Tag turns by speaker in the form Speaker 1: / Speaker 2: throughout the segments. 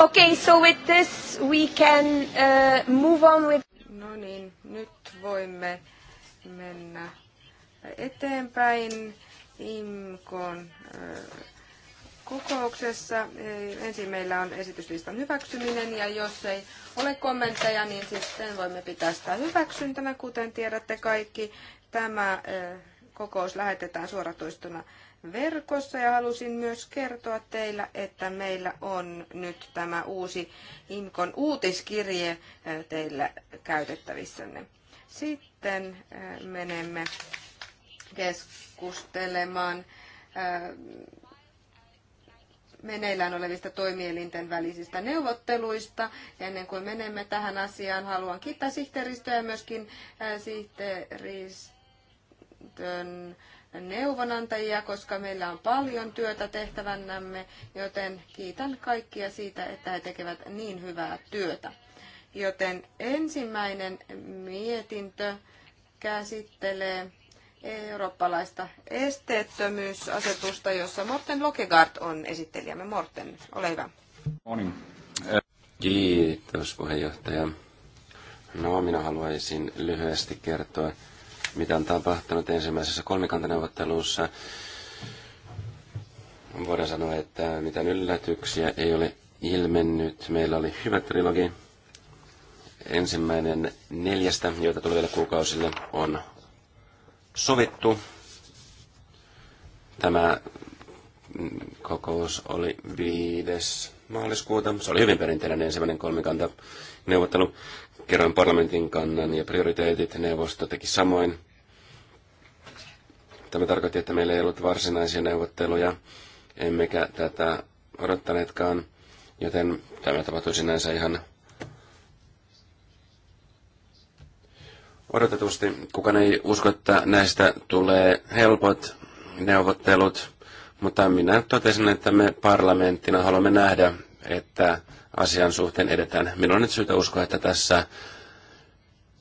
Speaker 1: Okay, so with this we can uh, move on with... No niin, nyt voimme mennä eteenpäin IMKon äh, kokouksessa. Äh, ensin meillä on esityslistan hyväksyminen ja jos ei ole kommentteja, niin sitten voimme pitää sitä hyväksyntänä, kuten tiedätte kaikki. Tämä äh, kokous lähetetään suoratoistona verkossa ja halusin myös kertoa teillä, että meillä on nyt tämä uusi IMKON uutiskirje teillä käytettävissänne. Sitten menemme keskustelemaan meneillään olevista toimielinten välisistä neuvotteluista. Ja ennen kuin menemme tähän asiaan, haluan kiittää sihteeristöä ja myöskin sihteeristön neuvonantajia, koska meillä on paljon työtä tehtävänämme, joten kiitän kaikkia siitä, että he tekevät niin hyvää työtä. Joten ensimmäinen mietintö käsittelee eurooppalaista esteettömyysasetusta, jossa Morten Lokegaard on esittelijämme. Morten, ole hyvä.
Speaker 2: Morning. Kiitos puheenjohtaja. No, minä haluaisin lyhyesti kertoa mitä on tapahtunut ensimmäisessä kolmikantaneuvottelussa. Voidaan sanoa, että mitään yllätyksiä ei ole ilmennyt. Meillä oli hyvä trilogi. Ensimmäinen neljästä, joita tuleville kuukausille on sovittu. Tämä kokous oli viides maaliskuuta. Se oli hyvin perinteinen ensimmäinen kolmikanta neuvottelu. Kerroin parlamentin kannan ja prioriteetit. Neuvosto teki samoin. Tämä tarkoitti, että meillä ei ollut varsinaisia neuvotteluja, emmekä tätä odottaneetkaan, joten tämä tapahtui sinänsä ihan odotetusti. Kukaan ei usko, että näistä tulee helpot neuvottelut, mutta minä totesin, että me parlamenttina haluamme nähdä, että asian suhteen edetään. Minulla on nyt syytä uskoa, että tässä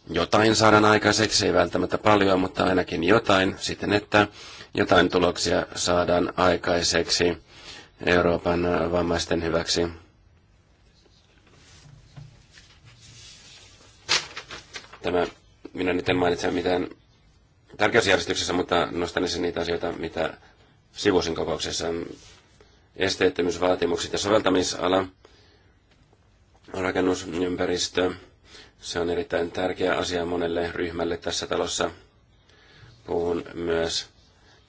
Speaker 2: jotain saadaan aikaiseksi, ei välttämättä paljon, mutta ainakin jotain, siten että jotain tuloksia saadaan aikaiseksi Euroopan vammaisten hyväksi. Tämä, minä nyt en mainitse mitään tärkeysjärjestyksessä, mutta nostan esiin niitä asioita, mitä sivuisin kokouksessa. Esteettömyysvaatimukset ja soveltamisala, rakennusympäristö, se on erittäin tärkeä asia monelle ryhmälle tässä talossa. Puhun myös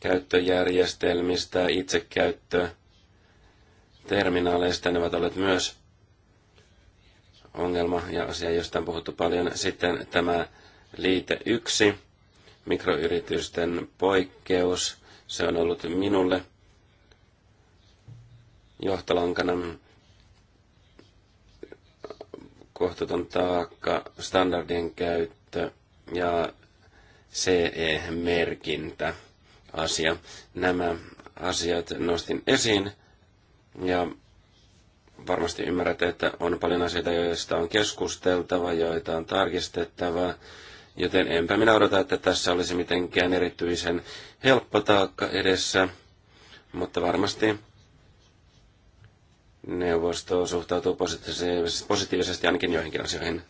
Speaker 2: käyttöjärjestelmistä, itsekäyttö, terminaaleista. Ne ovat olleet myös ongelma ja asia, josta on puhuttu paljon. Sitten tämä liite 1, mikroyritysten poikkeus. Se on ollut minulle johtolankana kohtuuton taakka, standardien käyttö ja CE-merkintä asia. Nämä asiat nostin esiin ja varmasti ymmärrät, että on paljon asioita, joista on keskusteltava, joita on tarkistettava, joten enpä minä odota, että tässä olisi mitenkään erityisen helppo taakka edessä, mutta varmasti neuvosto suhtautuu positiivisesti, positiivisesti ainakin joihinkin asioihin.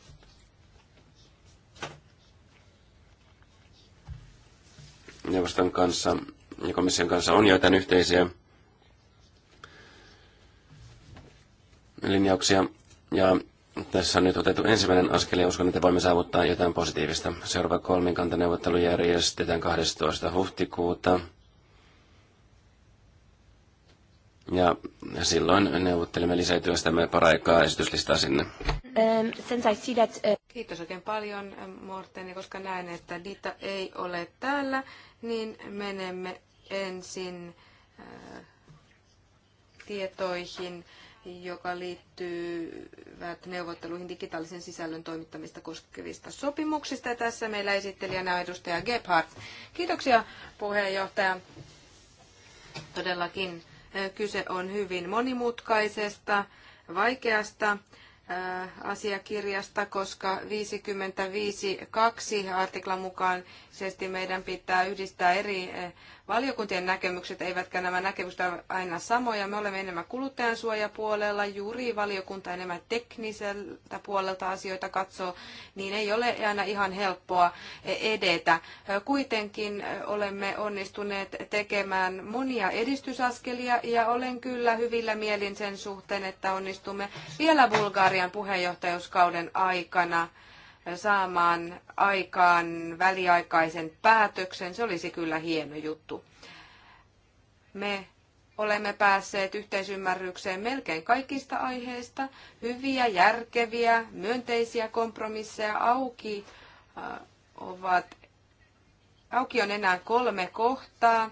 Speaker 2: Neuvoston kanssa ja komission kanssa on joitain yhteisiä linjauksia. Ja tässä on nyt otettu ensimmäinen askel ja uskon, että voimme saavuttaa jotain positiivista. Seuraava kolminkanta neuvottelu järjestetään 12. huhtikuuta. Ja silloin neuvottelemme me paraikaa esityslistaa sinne.
Speaker 3: Ähm,
Speaker 1: äh, Kiitos oikein paljon ähm, Morten, koska näen, että Dita ei ole täällä, niin menemme ensin äh, tietoihin, joka liittyy neuvotteluihin digitaalisen sisällön toimittamista koskevista sopimuksista. Ja tässä meillä esittelijänä on edustaja Gebhardt. Kiitoksia puheenjohtaja. Todellakin Kyse on hyvin monimutkaisesta, vaikeasta asiakirjasta, koska 55.2 artiklan mukaan Luonnollisesti meidän pitää yhdistää eri eh, valiokuntien näkemykset, eivätkä nämä näkemykset ole aina samoja. Me olemme enemmän kuluttajansuojapuolella, juuri valiokunta enemmän tekniseltä puolelta asioita katsoo, niin ei ole aina ihan helppoa eh, edetä. Eh, kuitenkin olemme onnistuneet tekemään monia edistysaskelia ja olen kyllä hyvillä mielin sen suhteen, että onnistumme vielä Bulgarian puheenjohtajuuskauden aikana saamaan aikaan väliaikaisen päätöksen. Se olisi kyllä hieno juttu. Me olemme päässeet yhteisymmärrykseen melkein kaikista aiheista. Hyviä, järkeviä, myönteisiä kompromisseja auki äh, ovat Auki on enää kolme kohtaa,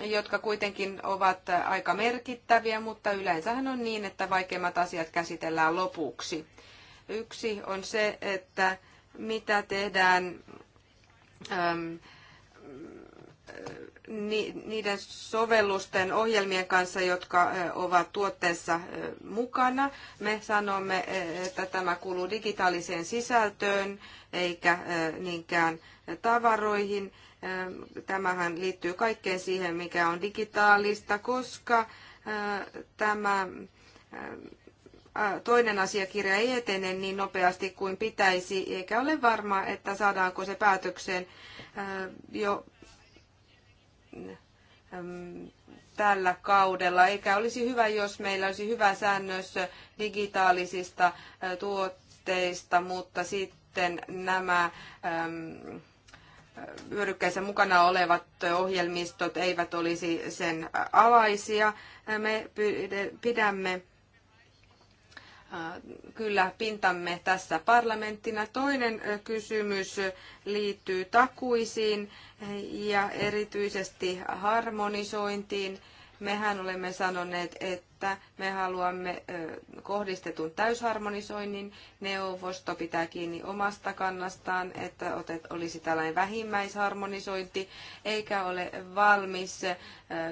Speaker 1: jotka kuitenkin ovat aika merkittäviä, mutta yleensähän on niin, että vaikeimmat asiat käsitellään lopuksi. Yksi on se, että mitä tehdään äm, niiden sovellusten ohjelmien kanssa, jotka äh, ovat tuotteessa äh, mukana. Me sanomme, äh, että tämä kuuluu digitaaliseen sisältöön eikä niinkään tavaroihin. Ähm, tämähän liittyy kaikkeen siihen, mikä on digitaalista, koska tämä ähm, toinen asiakirja ei etene niin nopeasti kuin pitäisi, eikä ole varma, että saadaanko se päätökseen jo tällä kaudella, eikä olisi hyvä, jos meillä olisi hyvä säännös digitaalisista tuotteista, mutta sitten nämä vyörykkeissä mukana olevat ohjelmistot eivät olisi sen alaisia. Me pidämme Äh, kyllä pintamme tässä parlamenttina. Toinen äh, kysymys liittyy takuisiin ja erityisesti harmonisointiin. Mehän olemme sanoneet, että me haluamme äh, kohdistetun täysharmonisoinnin. Neuvosto pitää kiinni omasta kannastaan, että olisi tällainen vähimmäisharmonisointi, eikä ole valmis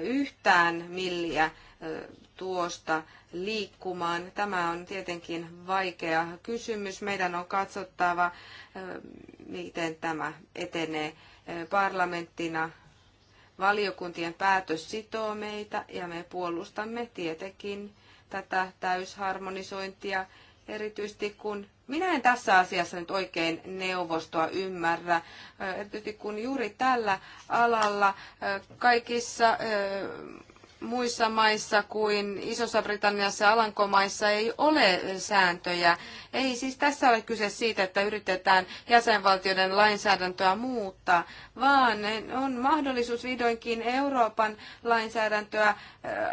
Speaker 1: yhtään milliä tuosta liikkumaan? Tämä on tietenkin vaikea kysymys. Meidän on katsottava, miten tämä etenee parlamenttina. Valiokuntien päätös sitoo meitä ja me puolustamme tietenkin tätä täysharmonisointia, erityisesti kun minä en tässä asiassa nyt oikein neuvostoa ymmärrä, erityisesti kun juuri tällä alalla kaikissa muissa maissa kuin Isossa Britanniassa ja Alankomaissa ei ole sääntöjä. Ei siis tässä ole kyse siitä, että yritetään jäsenvaltioiden lainsäädäntöä muuttaa, vaan on mahdollisuus vihdoinkin Euroopan lainsäädäntöä äh,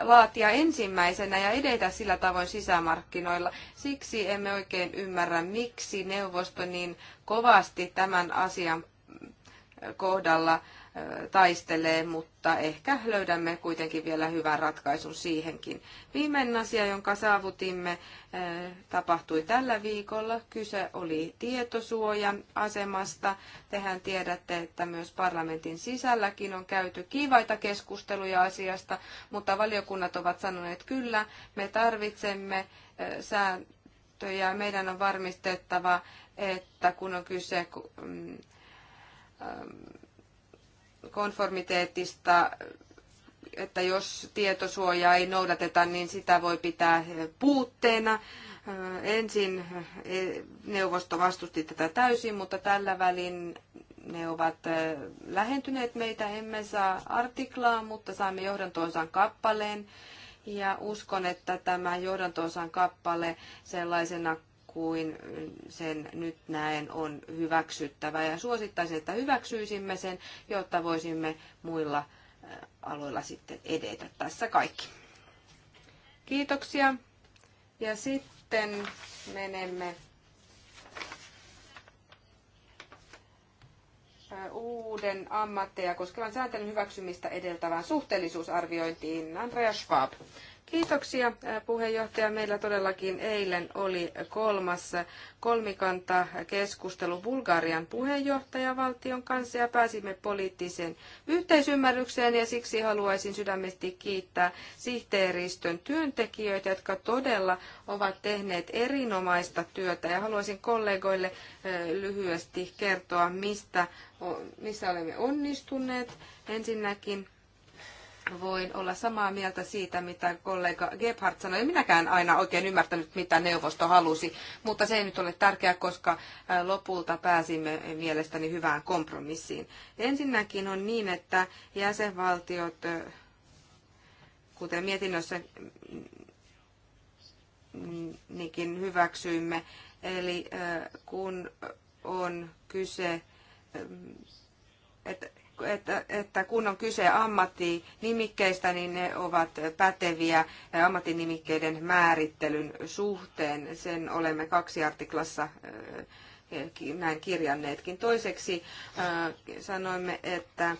Speaker 1: laatia ensimmäisenä ja edetä sillä tavoin sisämarkkinoilla. Siksi emme oikein ymmärrä, miksi neuvosto niin kovasti tämän asian kohdalla taistelee, mutta ehkä löydämme kuitenkin vielä hyvän ratkaisun siihenkin. Viimeinen asia, jonka saavutimme, tapahtui tällä viikolla. Kyse oli tietosuojan asemasta. Tehän tiedätte, että myös parlamentin sisälläkin on käyty kiivaita keskusteluja asiasta, mutta valiokunnat ovat sanoneet, että kyllä, me tarvitsemme sääntöjä. Meidän on varmistettava, että kun on kyse mm, konformiteetista, että jos tietosuojaa ei noudateta, niin sitä voi pitää puutteena. Ensin eh, neuvosto vastusti tätä täysin, mutta tällä välin ne ovat eh, lähentyneet meitä. Emme saa artiklaa, mutta saamme johdantoonsan kappaleen. Ja uskon, että tämä johdantoonsan kappale sellaisena kuin sen nyt näen on hyväksyttävä. Ja suosittaisin, että hyväksyisimme sen, jotta voisimme muilla äh, aloilla sitten edetä. Tässä kaikki. Kiitoksia. Ja sitten menemme äh, uuden ammatteja koskevan sääntelyn hyväksymistä edeltävään suhteellisuusarviointiin. Andrea Schwab. Kiitoksia puheenjohtaja. Meillä todellakin eilen oli kolmas kolmikanta keskustelu Bulgarian puheenjohtajavaltion kanssa ja pääsimme poliittiseen yhteisymmärrykseen ja siksi haluaisin sydämesti kiittää sihteeristön työntekijöitä, jotka todella ovat tehneet erinomaista työtä ja haluaisin kollegoille lyhyesti kertoa, mistä, missä olemme onnistuneet. Ensinnäkin voin olla samaa mieltä siitä, mitä kollega Gebhardt sanoi. En minäkään aina oikein ymmärtänyt, mitä neuvosto halusi, mutta se ei nyt ole tärkeää, koska lopulta pääsimme mielestäni hyvään kompromissiin. Ensinnäkin on niin, että jäsenvaltiot, kuten mietinnössä nikin hyväksyimme, eli kun on kyse, että että, että kun on kyse ammattinimikkeistä, niin ne ovat päteviä ammattinimikkeiden määrittelyn suhteen. Sen olemme kaksi artiklassa äh, näin kirjanneetkin. Toiseksi äh, sanoimme, että äh,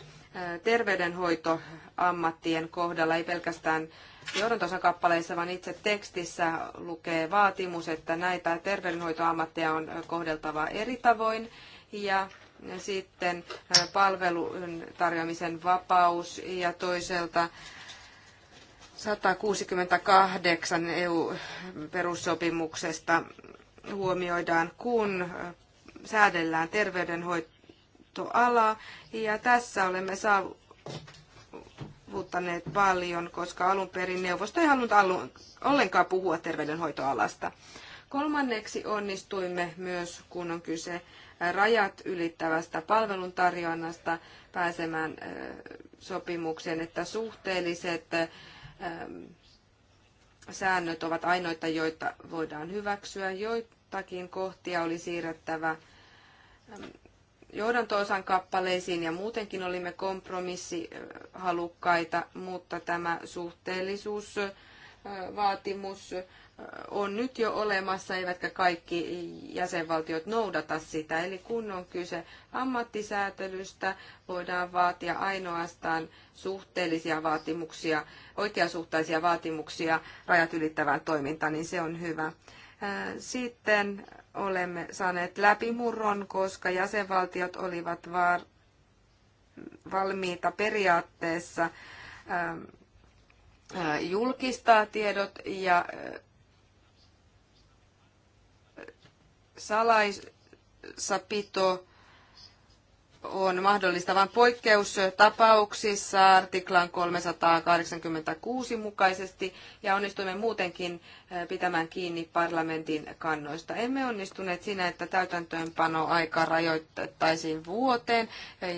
Speaker 1: terveydenhoitoammattien kohdalla ei pelkästään johdantosan kappaleissa, vaan itse tekstissä lukee vaatimus, että näitä terveydenhoitoammatteja on kohdeltava eri tavoin. Ja sitten palvelun tarjoamisen vapaus ja toiselta 168 EU-perussopimuksesta huomioidaan, kun säädellään terveydenhoitoalaa. Ja tässä olemme saavuttaneet paljon, koska alun perin neuvosto ei halunnut ollenkaan puhua terveydenhoitoalasta. Kolmanneksi onnistuimme myös, kun on kyse rajat ylittävästä palveluntarjonnasta pääsemään sopimukseen, että suhteelliset säännöt ovat ainoita, joita voidaan hyväksyä. Joitakin kohtia oli siirrettävä johdantoosan kappaleisiin ja muutenkin olimme kompromissihalukkaita, mutta tämä suhteellisuusvaatimus on nyt jo olemassa, eivätkä kaikki jäsenvaltiot noudata sitä. Eli kun on kyse ammattisäätelystä, voidaan vaatia ainoastaan suhteellisia vaatimuksia, oikeasuhtaisia vaatimuksia rajat ylittävään toimintaan, niin se on hyvä. Sitten olemme saaneet läpimurron, koska jäsenvaltiot olivat valmiita periaatteessa julkistaa tiedot ja salaisapito on mahdollista vain poikkeustapauksissa artiklan 386 mukaisesti ja onnistuimme muutenkin eh, pitämään kiinni parlamentin kannoista. Emme onnistuneet siinä, että täytäntöönpano aika rajoitettaisiin vuoteen.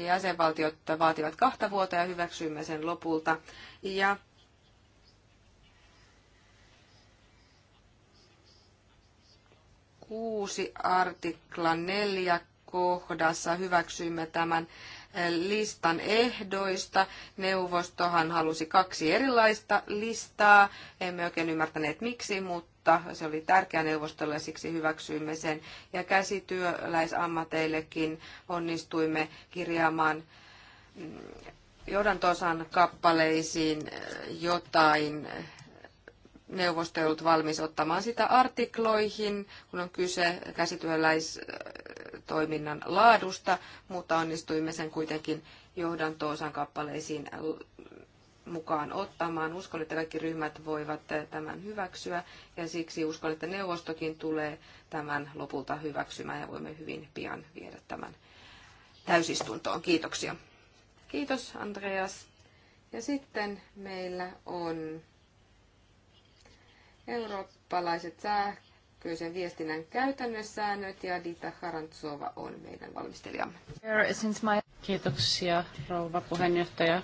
Speaker 1: Jäsenvaltiot vaativat kahta vuotta ja hyväksyimme sen lopulta. Ja 6 artikla 4 kohdassa hyväksyimme tämän eh, listan ehdoista. Neuvostohan halusi kaksi erilaista listaa. Emme oikein ymmärtäneet miksi, mutta se oli tärkeä neuvostolle ja siksi hyväksyimme sen. Ja käsityöläisammateillekin onnistuimme kirjaamaan mm, johdantosan kappaleisiin eh, jotain eh, neuvosto ei ollut valmis ottamaan sitä artikloihin, kun on kyse käsityöläistoiminnan laadusta, mutta onnistuimme sen kuitenkin johdantoosan kappaleisiin mukaan ottamaan. Uskon, että kaikki ryhmät voivat tämän hyväksyä ja siksi uskon, että neuvostokin tulee tämän lopulta hyväksymään ja voimme hyvin pian viedä tämän täysistuntoon. Kiitoksia. Kiitos Andreas. Ja sitten meillä on eurooppalaiset sähköisen viestinnän käytännön säännöt ja Dita Harantsova on meidän valmistelijamme.
Speaker 4: Kiitoksia rouva puheenjohtaja.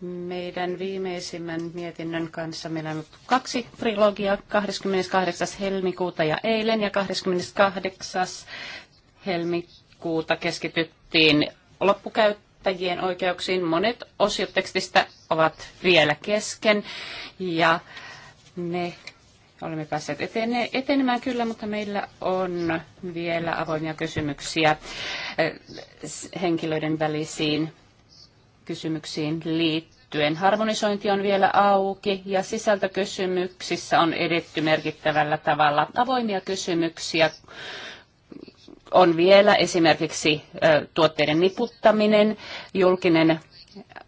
Speaker 4: Meidän viimeisimmän mietinnön kanssa meillä on kaksi trilogiaa, 28. helmikuuta ja eilen ja 28. helmikuuta keskityttiin loppukäyttäjien oikeuksiin. Monet osiot tekstistä ovat vielä kesken ja me olemme päässeet etene- etenemään kyllä, mutta meillä on vielä avoimia kysymyksiä eh, henkilöiden välisiin kysymyksiin liittyen. Harmonisointi on vielä auki ja sisältökysymyksissä on edetty merkittävällä tavalla. Avoimia kysymyksiä on vielä esimerkiksi eh, tuotteiden niputtaminen, julkinen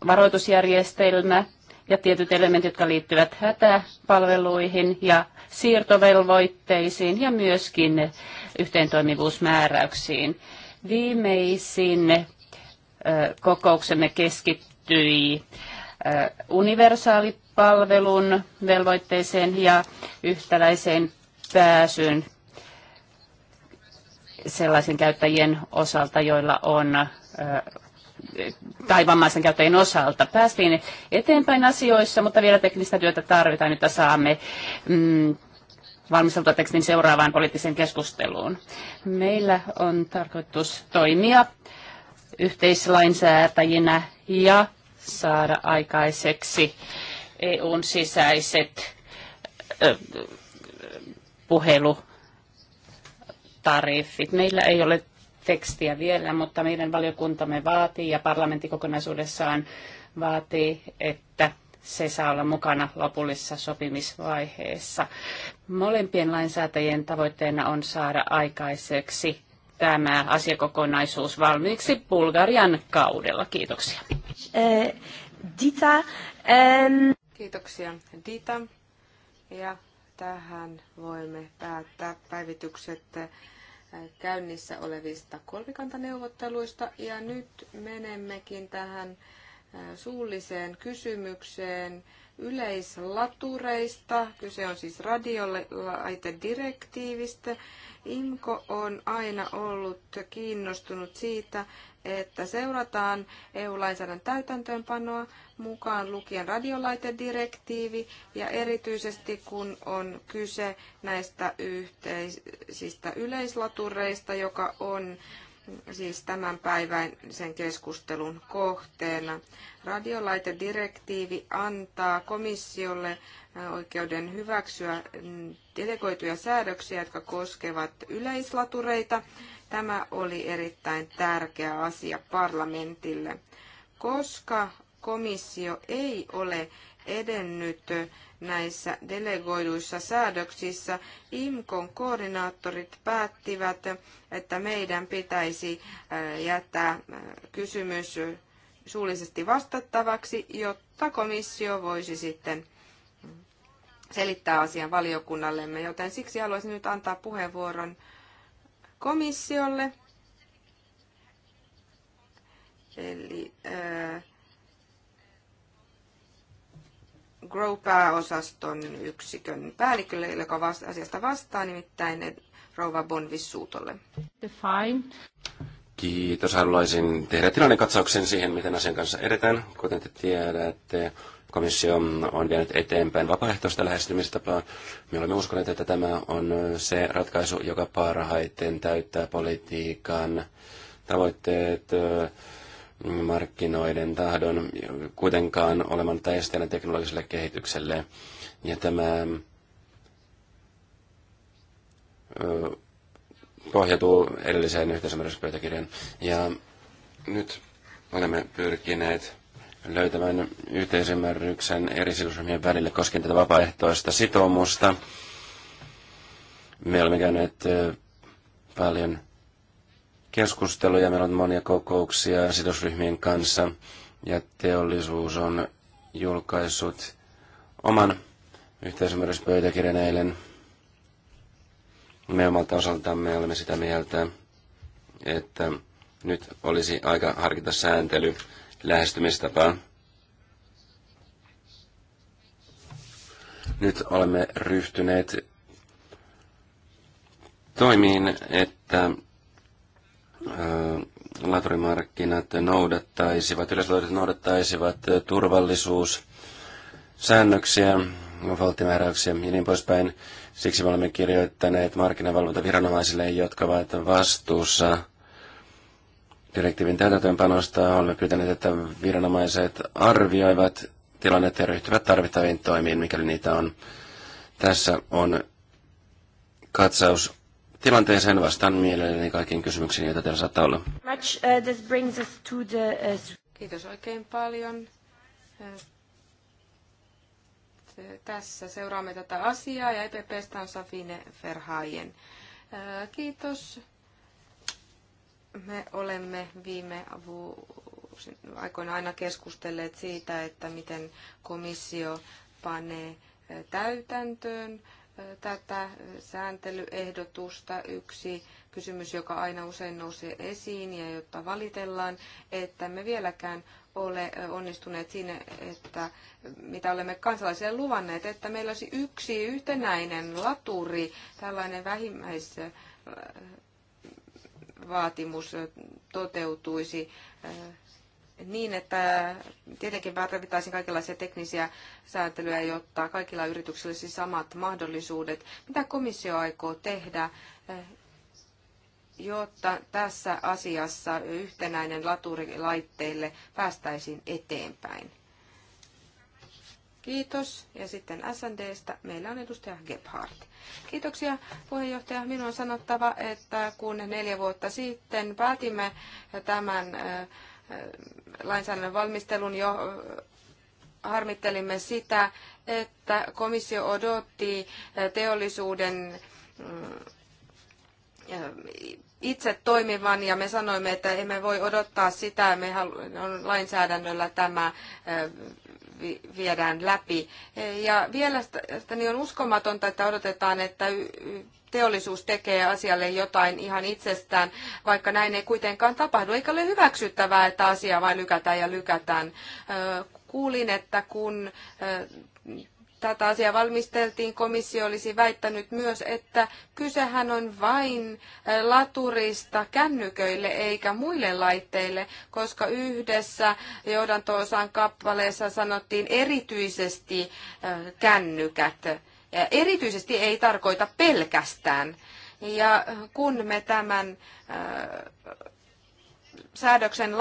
Speaker 4: varoitusjärjestelmä, ja tietyt elementit, jotka liittyvät hätäpalveluihin ja siirtovelvoitteisiin ja myöskin yhteentoimivuusmääräyksiin. Viimeisin kokouksemme keskittyi universaalipalvelun velvoitteeseen ja yhtäläiseen pääsyyn sellaisen käyttäjien osalta, joilla on tai vammaisten käyttäjien osalta. Päästiin eteenpäin asioissa, mutta vielä teknistä työtä tarvitaan, jotta saamme mm, valmisteltua tekstin seuraavaan poliittiseen keskusteluun. Meillä on tarkoitus toimia yhteislainsäätäjinä ja saada aikaiseksi EUn sisäiset ö, puhelu Meillä ei ole tekstiä vielä, mutta meidän valiokuntamme vaatii ja parlamentti kokonaisuudessaan vaatii, että se saa olla mukana lopullisessa sopimisvaiheessa. Molempien lainsäätäjien tavoitteena on saada aikaiseksi tämä asiakokonaisuus valmiiksi Bulgarian kaudella. Kiitoksia.
Speaker 1: Eh, Dita. Kiitoksia Dita. Ja tähän voimme päättää päivitykset käynnissä olevista kolmikantaneuvotteluista. Ja nyt menemmekin tähän suulliseen kysymykseen yleislatureista. Kyse on siis radiolaitedirektiivistä. IMKO on aina ollut kiinnostunut siitä, että seurataan EU-lainsäädännön täytäntöönpanoa mukaan lukien radiolaitedirektiivi ja erityisesti kun on kyse näistä yhteisistä yleislatureista, joka on siis tämän päivän sen keskustelun kohteena. Radiolaitedirektiivi antaa komissiolle oikeuden hyväksyä delegoituja säädöksiä, jotka koskevat yleislatureita Tämä oli erittäin tärkeä asia parlamentille, koska komissio ei ole edennyt näissä delegoiduissa säädöksissä, IMKon koordinaattorit päättivät, että meidän pitäisi äh, jättää äh, kysymys suullisesti vastattavaksi, jotta komissio voisi sitten selittää asian valiokunnallemme, joten siksi haluaisin nyt antaa puheenvuoron komissiolle. Eli äh, Grow-pääosaston yksikön päällikölle, joka vasta- asiasta vastaa, nimittäin rouva Bonvissuutolle.
Speaker 2: Kiitos. Haluaisin tehdä tilannekatsauksen siihen, miten asian kanssa edetään. Kuten te tiedätte, komissio on vienyt eteenpäin vapaaehtoista lähestymistapaa. Me olemme uskoneet, että tämä on se ratkaisu, joka parhaiten täyttää politiikan tavoitteet, mm, markkinoiden tahdon, kuitenkaan olemaan esteenä teknologiselle kehitykselle. Ja tämä pohjautuu edelliseen yhteisymmärryspöytäkirjaan. Ja nyt olemme pyrkineet löytämään yhteisymmärryksen eri sidosryhmien välille koskien tätä vapaaehtoista sitoumusta. Me olemme käyneet paljon keskusteluja, meillä on monia kokouksia sidosryhmien kanssa ja teollisuus on julkaissut oman yhteisymmärryspöytäkirjan eilen. Me omalta osaltamme olemme sitä mieltä, että nyt olisi aika harkita sääntely Lähestymistapa. Nyt olemme ryhtyneet toimiin, että laturimarkkinat noudattaisivat, yleisluodet noudattaisivat turvallisuus, säännöksiä, valtimääräyksiä ja niin poispäin. Siksi me olemme kirjoittaneet markkinavalvontaviranomaisille, jotka ovat vastuussa direktiivin täytäntöönpanosta olemme pyytäneet, että viranomaiset arvioivat tilannetta ja ryhtyvät tarvittaviin toimiin, mikäli niitä on. Tässä on katsaus tilanteeseen. Vastaan mielelläni kaikkiin kysymyksiin, joita teillä saattaa olla.
Speaker 1: Uh, uh, kiitos oikein paljon. Tässä seuraamme tätä asiaa ja EPPstä on Safine Ferhaien. Kiitos me olemme viime aikoina aina keskustelleet siitä, että miten komissio panee täytäntöön tätä sääntelyehdotusta. Yksi kysymys, joka aina usein nousee esiin ja jotta valitellaan, että me vieläkään ole onnistuneet siinä, että mitä olemme kansalaisille luvanneet, että meillä olisi yksi yhtenäinen laturi, tällainen vähimmäis vaatimus toteutuisi eh, niin, että tietenkin tarvittaisiin kaikenlaisia teknisiä sääntelyjä, jotta kaikilla yrityksillä olisi samat mahdollisuudet. Mitä komissio aikoo tehdä, eh, jotta tässä asiassa yhtenäinen laturilaitteille laitteille päästäisiin eteenpäin? Kiitos. Ja sitten SNDstä meillä on edustaja Gebhardt. Kiitoksia puheenjohtaja. Minun on sanottava, että kun neljä vuotta sitten päätimme tämän lainsäädännön valmistelun jo harmittelimme sitä, että komissio odotti teollisuuden itse toimivan ja me sanoimme, että emme voi odottaa sitä, me on lainsäädännöllä tämä viedään läpi. Ja vielä niin on uskomatonta, että odotetaan, että teollisuus tekee asialle jotain ihan itsestään, vaikka näin ei kuitenkaan tapahdu. Eikä ole hyväksyttävää, että asiaa vain lykätään ja lykätään. Kuulin, että kun tätä asiaa valmisteltiin, komissio olisi väittänyt myös, että kysehän on vain laturista kännyköille eikä muille laitteille, koska yhdessä johdanto-osan kappaleessa sanottiin erityisesti kännykät. Ja erityisesti ei tarkoita pelkästään. Ja kun me tämän säädöksen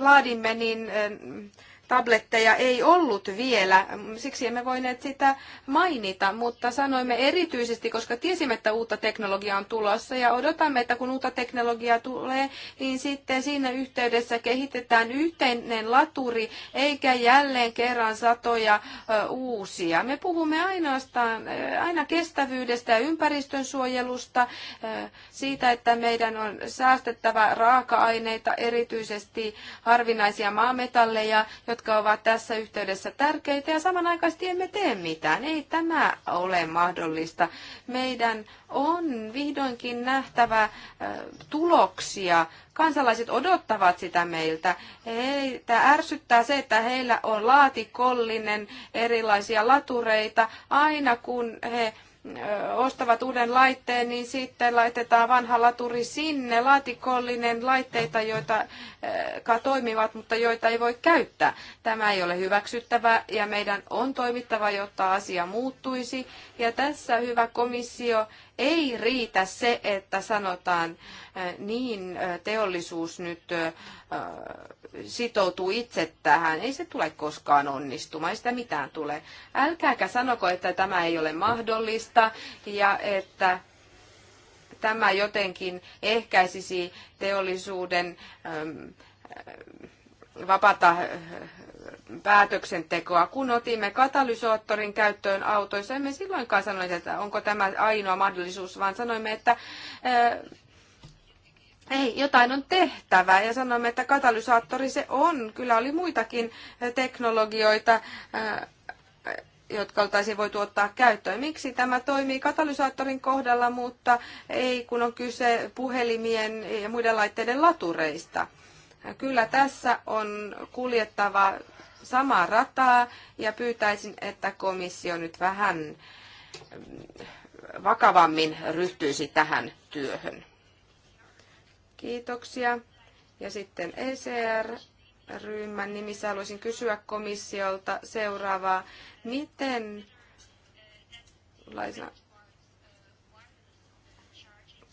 Speaker 1: laadimme, niin tabletteja ei ollut vielä, siksi emme voineet sitä mainita, mutta sanoimme erityisesti, koska tiesimme, että uutta teknologiaa on tulossa ja odotamme, että kun uutta teknologiaa tulee, niin sitten siinä yhteydessä kehitetään yhteinen laturi, eikä jälleen kerran satoja uusia. Me puhumme ainoastaan aina kestävyydestä ja ympäristön suojelusta, siitä, että meidän on säästettävä raaka-aineita, erityisesti harvinaisia maametalleja, jotka jotka ovat tässä yhteydessä tärkeitä ja samanaikaisesti emme tee mitään. Ei tämä ole mahdollista. Meidän on vihdoinkin nähtävä tuloksia. Kansalaiset odottavat sitä meiltä. Heitä ärsyttää se, että heillä on laatikollinen erilaisia latureita aina kun he ostavat uuden laitteen, niin sitten laitetaan vanha laturi sinne, laatikollinen laitteita, joita ka toimivat, mutta joita ei voi käyttää. Tämä ei ole hyväksyttävä ja meidän on toimittava, jotta asia muuttuisi. Ja tässä hyvä komissio ei riitä se, että sanotaan, äh, niin äh, teollisuus nyt äh, sitoutuu itse tähän. Ei se tule koskaan onnistumaan, ei sitä mitään tule. Älkääkä sanoko, että tämä ei ole mahdollista ja että tämä jotenkin ehkäisisi teollisuuden vapaata päätöksentekoa. Kun otimme katalysoottorin käyttöön autoissa, emme silloinkaan sanoneet, että onko tämä ainoa mahdollisuus, vaan sanoimme, että eh, ei, jotain on tehtävä. Ja sanoimme, että katalysaattori se on. Kyllä oli muitakin eh, teknologioita, eh, jotka oltaisiin voitu ottaa käyttöön. Miksi tämä toimii katalysaattorin kohdalla, mutta ei kun on kyse puhelimien ja muiden laitteiden latureista? Kyllä tässä on kuljettava samaa rataa ja pyytäisin, että komissio nyt vähän mm, vakavammin ryhtyisi tähän työhön. Kiitoksia. Ja sitten ECR-ryhmän nimissä haluaisin kysyä komissiolta seuraavaa. Miten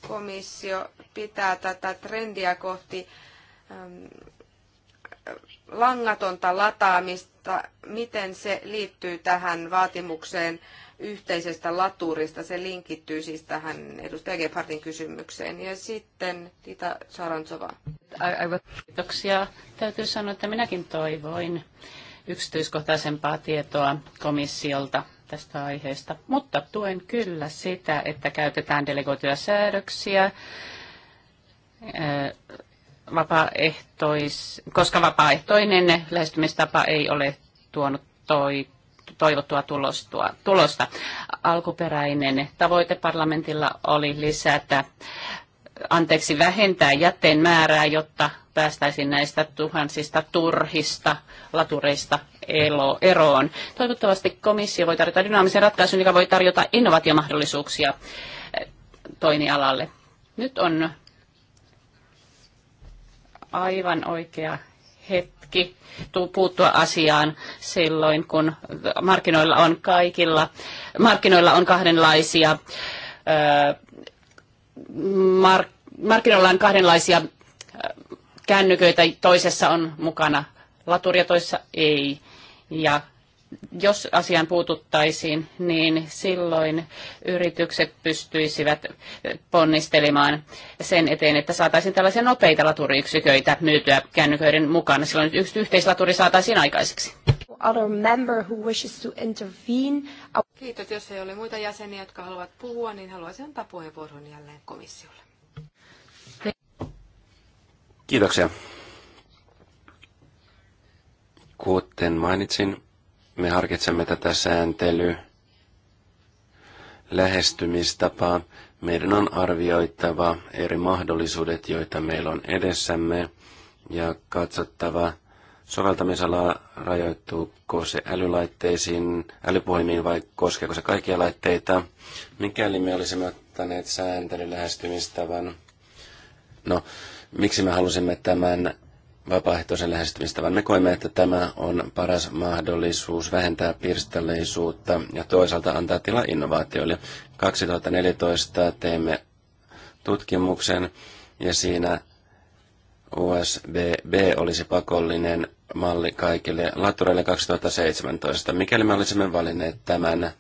Speaker 1: komissio pitää tätä trendiä kohti mm, langatonta lataamista, miten se liittyy tähän vaatimukseen yhteisestä laturista. Se linkittyy siis tähän edustaja Gebhardin kysymykseen. Ja sitten Tita Sarantsova.
Speaker 4: Kiitoksia. Täytyy sanoa, että minäkin toivoin yksityiskohtaisempaa tietoa komissiolta tästä aiheesta, mutta tuen kyllä sitä, että käytetään delegoituja säädöksiä vapaaehtois, koska vapaaehtoinen lähestymistapa ei ole tuonut toi, toivottua tulostua, tulosta. Alkuperäinen tavoite parlamentilla oli lisätä, anteeksi, vähentää jätteen määrää, jotta päästäisiin näistä tuhansista turhista latureista elo, eroon. Toivottavasti komissio voi tarjota dynaamisen ratkaisun, joka voi tarjota innovaatiomahdollisuuksia eh, toimialalle. Nyt on aivan oikea hetki puuttua asiaan silloin, kun markkinoilla on kaikilla, markkinoilla on kahdenlaisia mark, markkinoilla on kahdenlaisia kännyköitä, toisessa on mukana laturia, toisessa ei. Ja jos asiaan puututtaisiin, niin silloin yritykset pystyisivät ponnistelemaan sen eteen, että saataisiin tällaisia nopeita laturiyksiköitä myytyä kännyköiden mukana. Silloin nyt yhteislaturi saataisiin aikaiseksi.
Speaker 1: Kiitos. Jos ei ole muita jäseniä, jotka haluavat puhua, niin haluaisin antaa puheenvuoron jälleen komissiolle.
Speaker 2: Kiitoksia. Kuten mainitsin, me harkitsemme tätä sääntely lähestymistapaa. Meidän on arvioittava eri mahdollisuudet, joita meillä on edessämme, ja katsottava, soveltamisala rajoittuuko se älylaitteisiin, älypuhelimiin vai koskeeko se kaikkia laitteita. Mikäli me olisimme ottaneet sääntelylähestymistavan, lähestymistavan, no miksi me halusimme tämän vapaaehtoisen lähestymistavan. Me koemme, että tämä on paras mahdollisuus vähentää pirstaleisuutta ja toisaalta antaa tila innovaatioille. 2014 teimme tutkimuksen ja siinä usb olisi pakollinen malli kaikille latureille 2017. Mikäli me olisimme valinneet tämän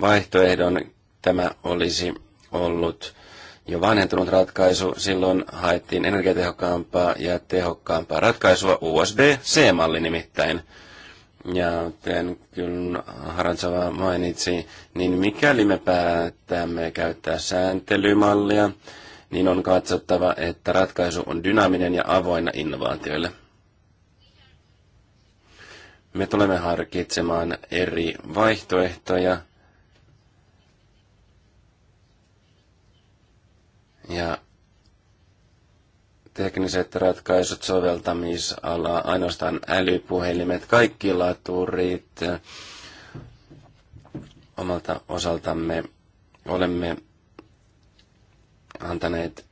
Speaker 2: vaihtoehdon, tämä olisi ollut jo vanhentunut ratkaisu. Silloin haettiin energiatehokkaampaa ja tehokkaampaa ratkaisua, USB-C-malli nimittäin. Ja kuten kyllä Harantsava mainitsi, niin mikäli me päätämme käyttää sääntelymallia, niin on katsottava, että ratkaisu on dynaaminen ja avoinna innovaatioille. Me tulemme harkitsemaan eri vaihtoehtoja – Ja tekniset ratkaisut, soveltamisala, ainoastaan älypuhelimet, kaikki laturit. Omalta osaltamme olemme antaneet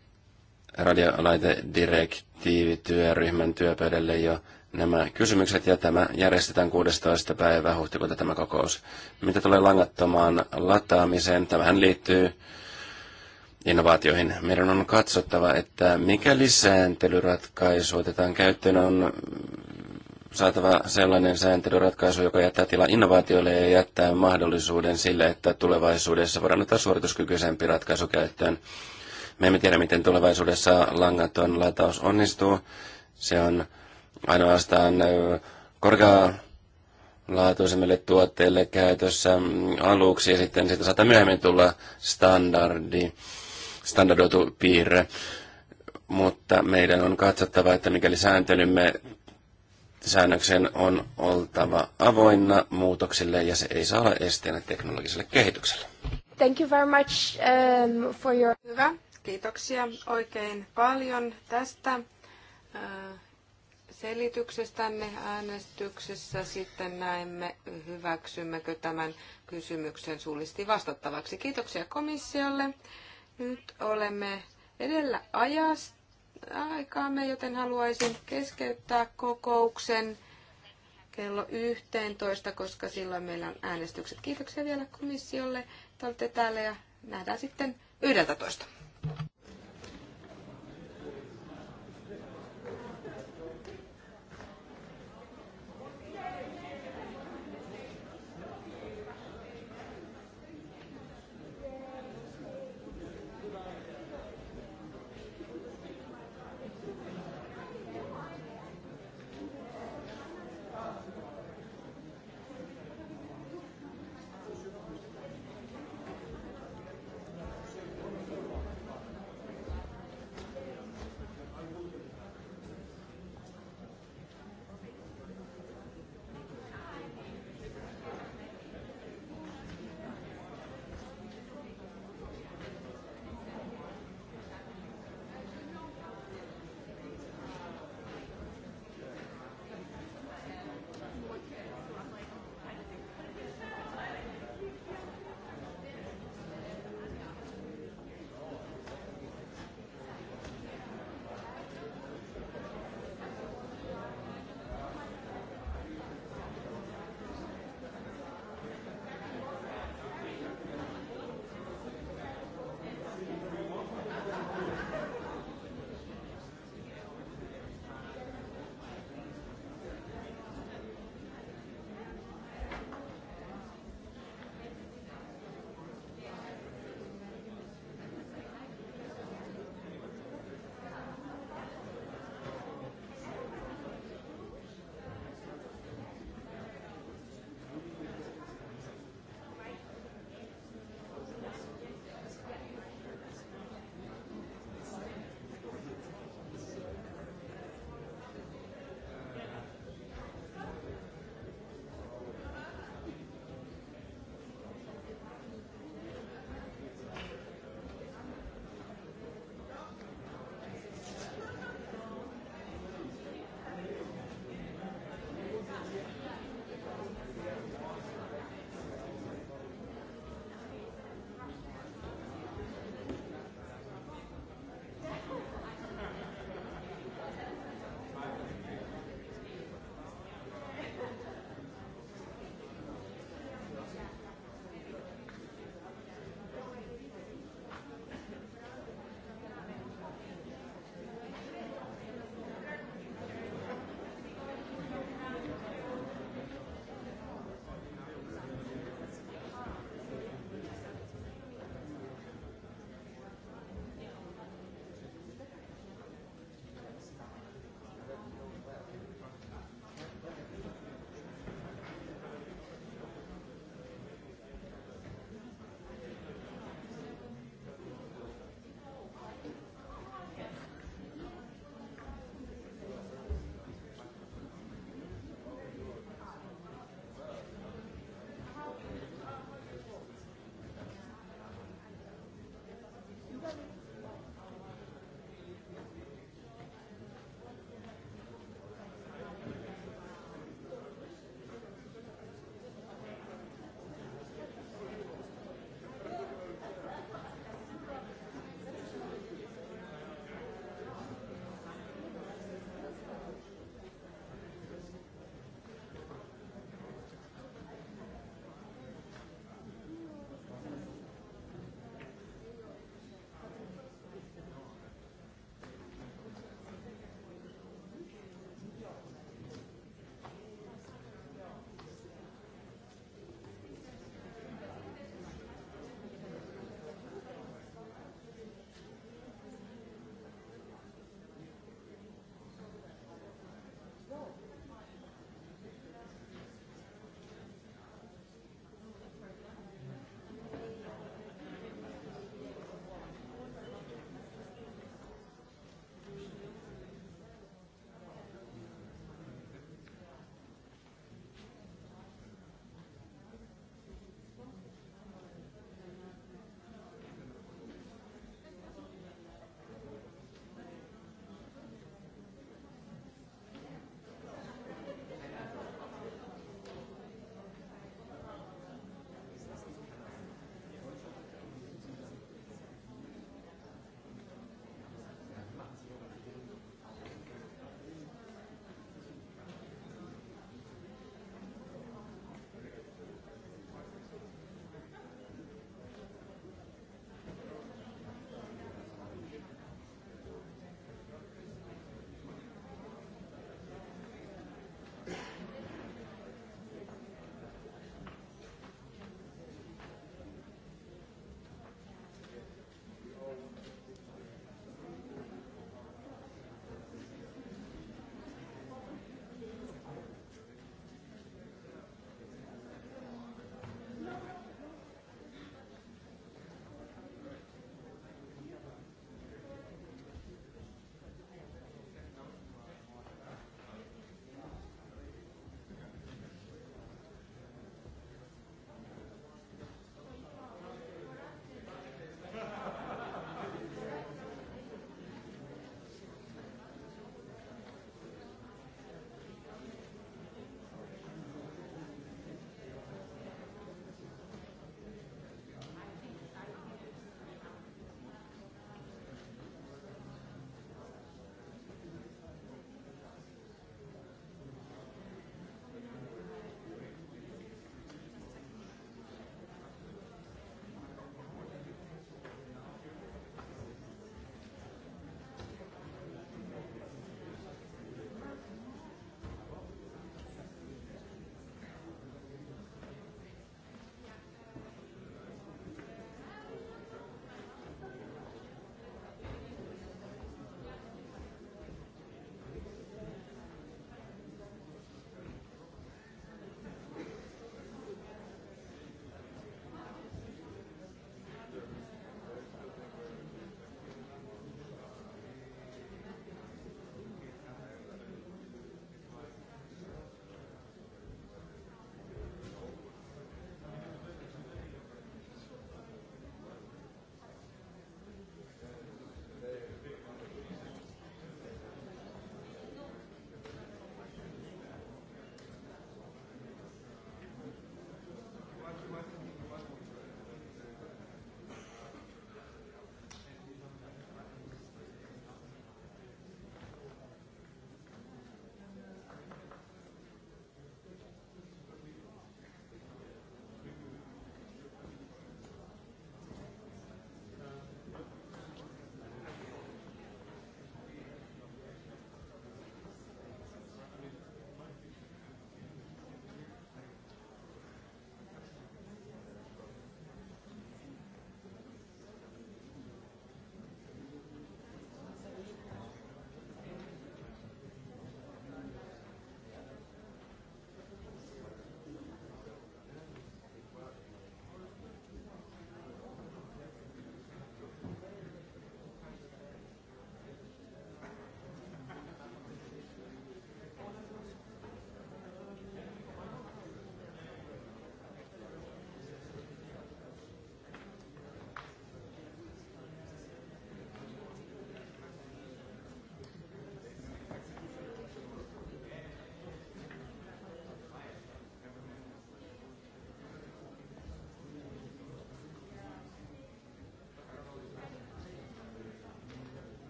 Speaker 2: radiolaitedirektiivityöryhmän työpöydälle jo nämä kysymykset, ja tämä järjestetään 16. päivä huhtikuuta tämä kokous. Mitä tulee langattomaan lataamiseen, tämähän liittyy innovaatioihin. Meidän on katsottava, että mikäli sääntelyratkaisu otetaan käyttöön, on saatava sellainen sääntelyratkaisu, joka jättää tilaa innovaatioille ja jättää mahdollisuuden sille, että tulevaisuudessa voidaan ottaa suorituskykyisempi ratkaisu käyttöön. Me emme tiedä, miten tulevaisuudessa langaton lataus onnistuu. Se on ainoastaan korkea laatuisemmille tuotteille käytössä mm, aluksi ja sitten siitä saattaa myöhemmin tulla standardi standardoitu piirre, mutta meidän on katsottava, että mikäli sääntelymme säännöksen on oltava avoinna muutoksille ja se ei saa olla esteenä teknologiselle kehitykselle.
Speaker 1: Thank you very much um, for your... Hyvä. Kiitoksia oikein paljon tästä uh, selityksestänne äänestyksessä. Sitten näemme, hyväksymmekö tämän kysymyksen suullisesti vastattavaksi. Kiitoksia komissiolle. Nyt olemme edellä ajas aikaamme, joten haluaisin keskeyttää kokouksen kello 11, koska silloin meillä on äänestykset. Kiitoksia vielä komissiolle, että olette täällä ja nähdään sitten 11.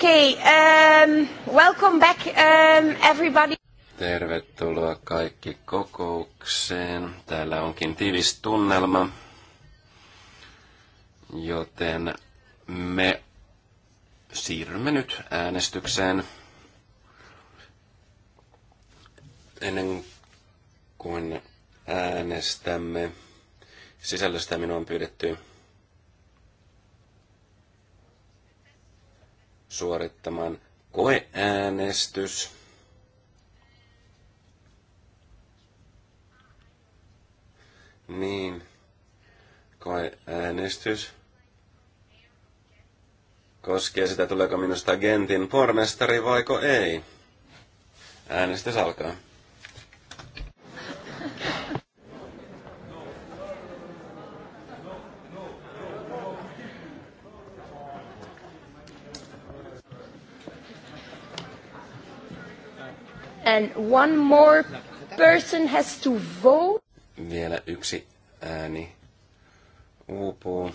Speaker 4: Okay, um, welcome back um, everybody.
Speaker 2: Tervetuloa kaikki kokoukseen. Täällä onkin tiivis tunnelma, joten me siirrymme nyt äänestykseen. Ennen kuin äänestämme sisällöstä minua on pyydetty suorittamaan koeäänestys. Niin, koeäänestys koskee sitä, tuleeko minusta Gentin pormestari vaiko ei. Äänestys alkaa.
Speaker 1: And one more person has to vote.
Speaker 2: Vielä yksi ääni uupuu.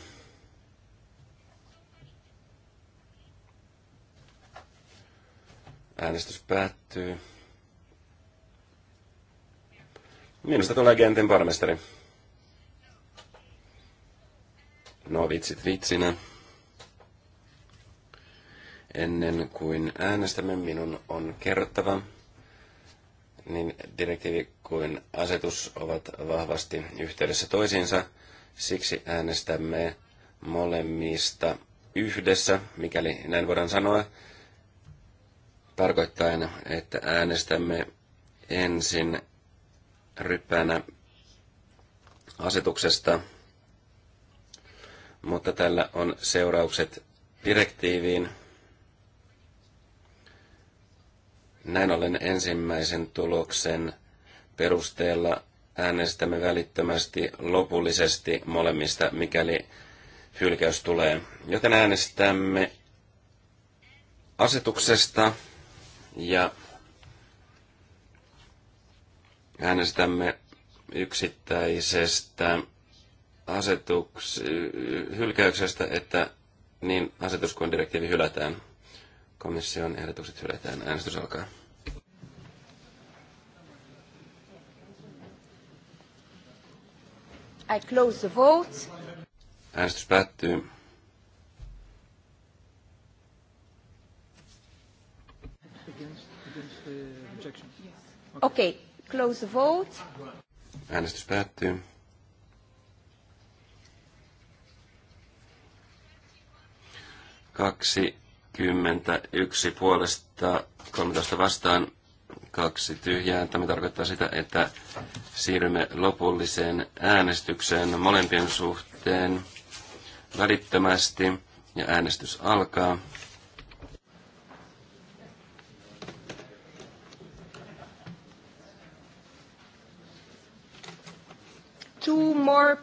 Speaker 2: Äänestys päättyy. Minusta tulee Gentin pormestari. No vitsit vitsinä. Ennen kuin äänestämme, minun on kerrottava, niin direktiivi kuin asetus ovat vahvasti yhteydessä toisiinsa. Siksi äänestämme molemmista yhdessä, mikäli näin voidaan sanoa, tarkoittaen, että äänestämme ensin ryppäänä asetuksesta, mutta tällä on seuraukset direktiiviin, Näin ollen ensimmäisen tuloksen perusteella äänestämme välittömästi lopullisesti molemmista, mikäli hylkäys tulee. Joten äänestämme asetuksesta ja äänestämme yksittäisestä asetuks, hylkäyksestä, että niin asetus kuin direktiivi hylätään. Komission ehdotukset hylätään. Äänestys alkaa.
Speaker 3: I close the vote.
Speaker 2: Äänestys päättyy.
Speaker 3: okay,
Speaker 4: close the vote.
Speaker 2: Äänestys päättyy. Kaksi 101 puolesta, 13 vastaan, kaksi tyhjää. Tämä tarkoittaa sitä, että siirrymme lopulliseen äänestykseen molempien suhteen välittömästi ja äänestys alkaa.
Speaker 1: Two
Speaker 4: more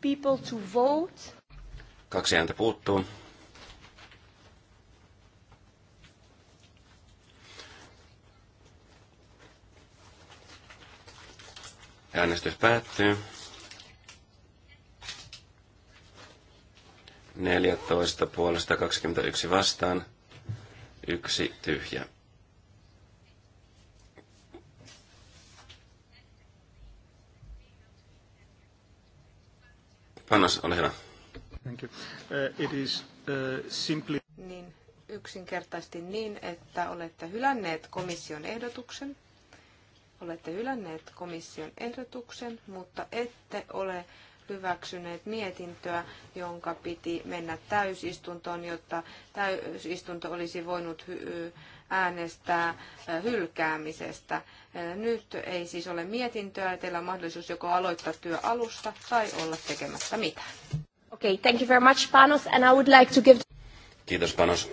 Speaker 4: people to vote.
Speaker 2: Kaksi ääntä puuttuu. Äänestys päättyy. 14 puolesta 21 vastaan. Yksi tyhjä. Panos, ole hyvä.
Speaker 3: Thank you. Uh, it is uh,
Speaker 2: simply...
Speaker 1: Niin, yksinkertaisesti niin, että olette hylänneet komission ehdotuksen Olette hylänneet komission ehdotuksen, mutta ette ole hyväksyneet mietintöä, jonka piti mennä täysistuntoon, jotta täysistunto olisi voinut äänestää hylkäämisestä. Nyt ei siis ole mietintöä, teillä on mahdollisuus joko aloittaa työ alusta tai olla tekemättä mitään. Okay, thank you very much, Panos,
Speaker 4: and I would like to give...
Speaker 2: Kiitos, Panos.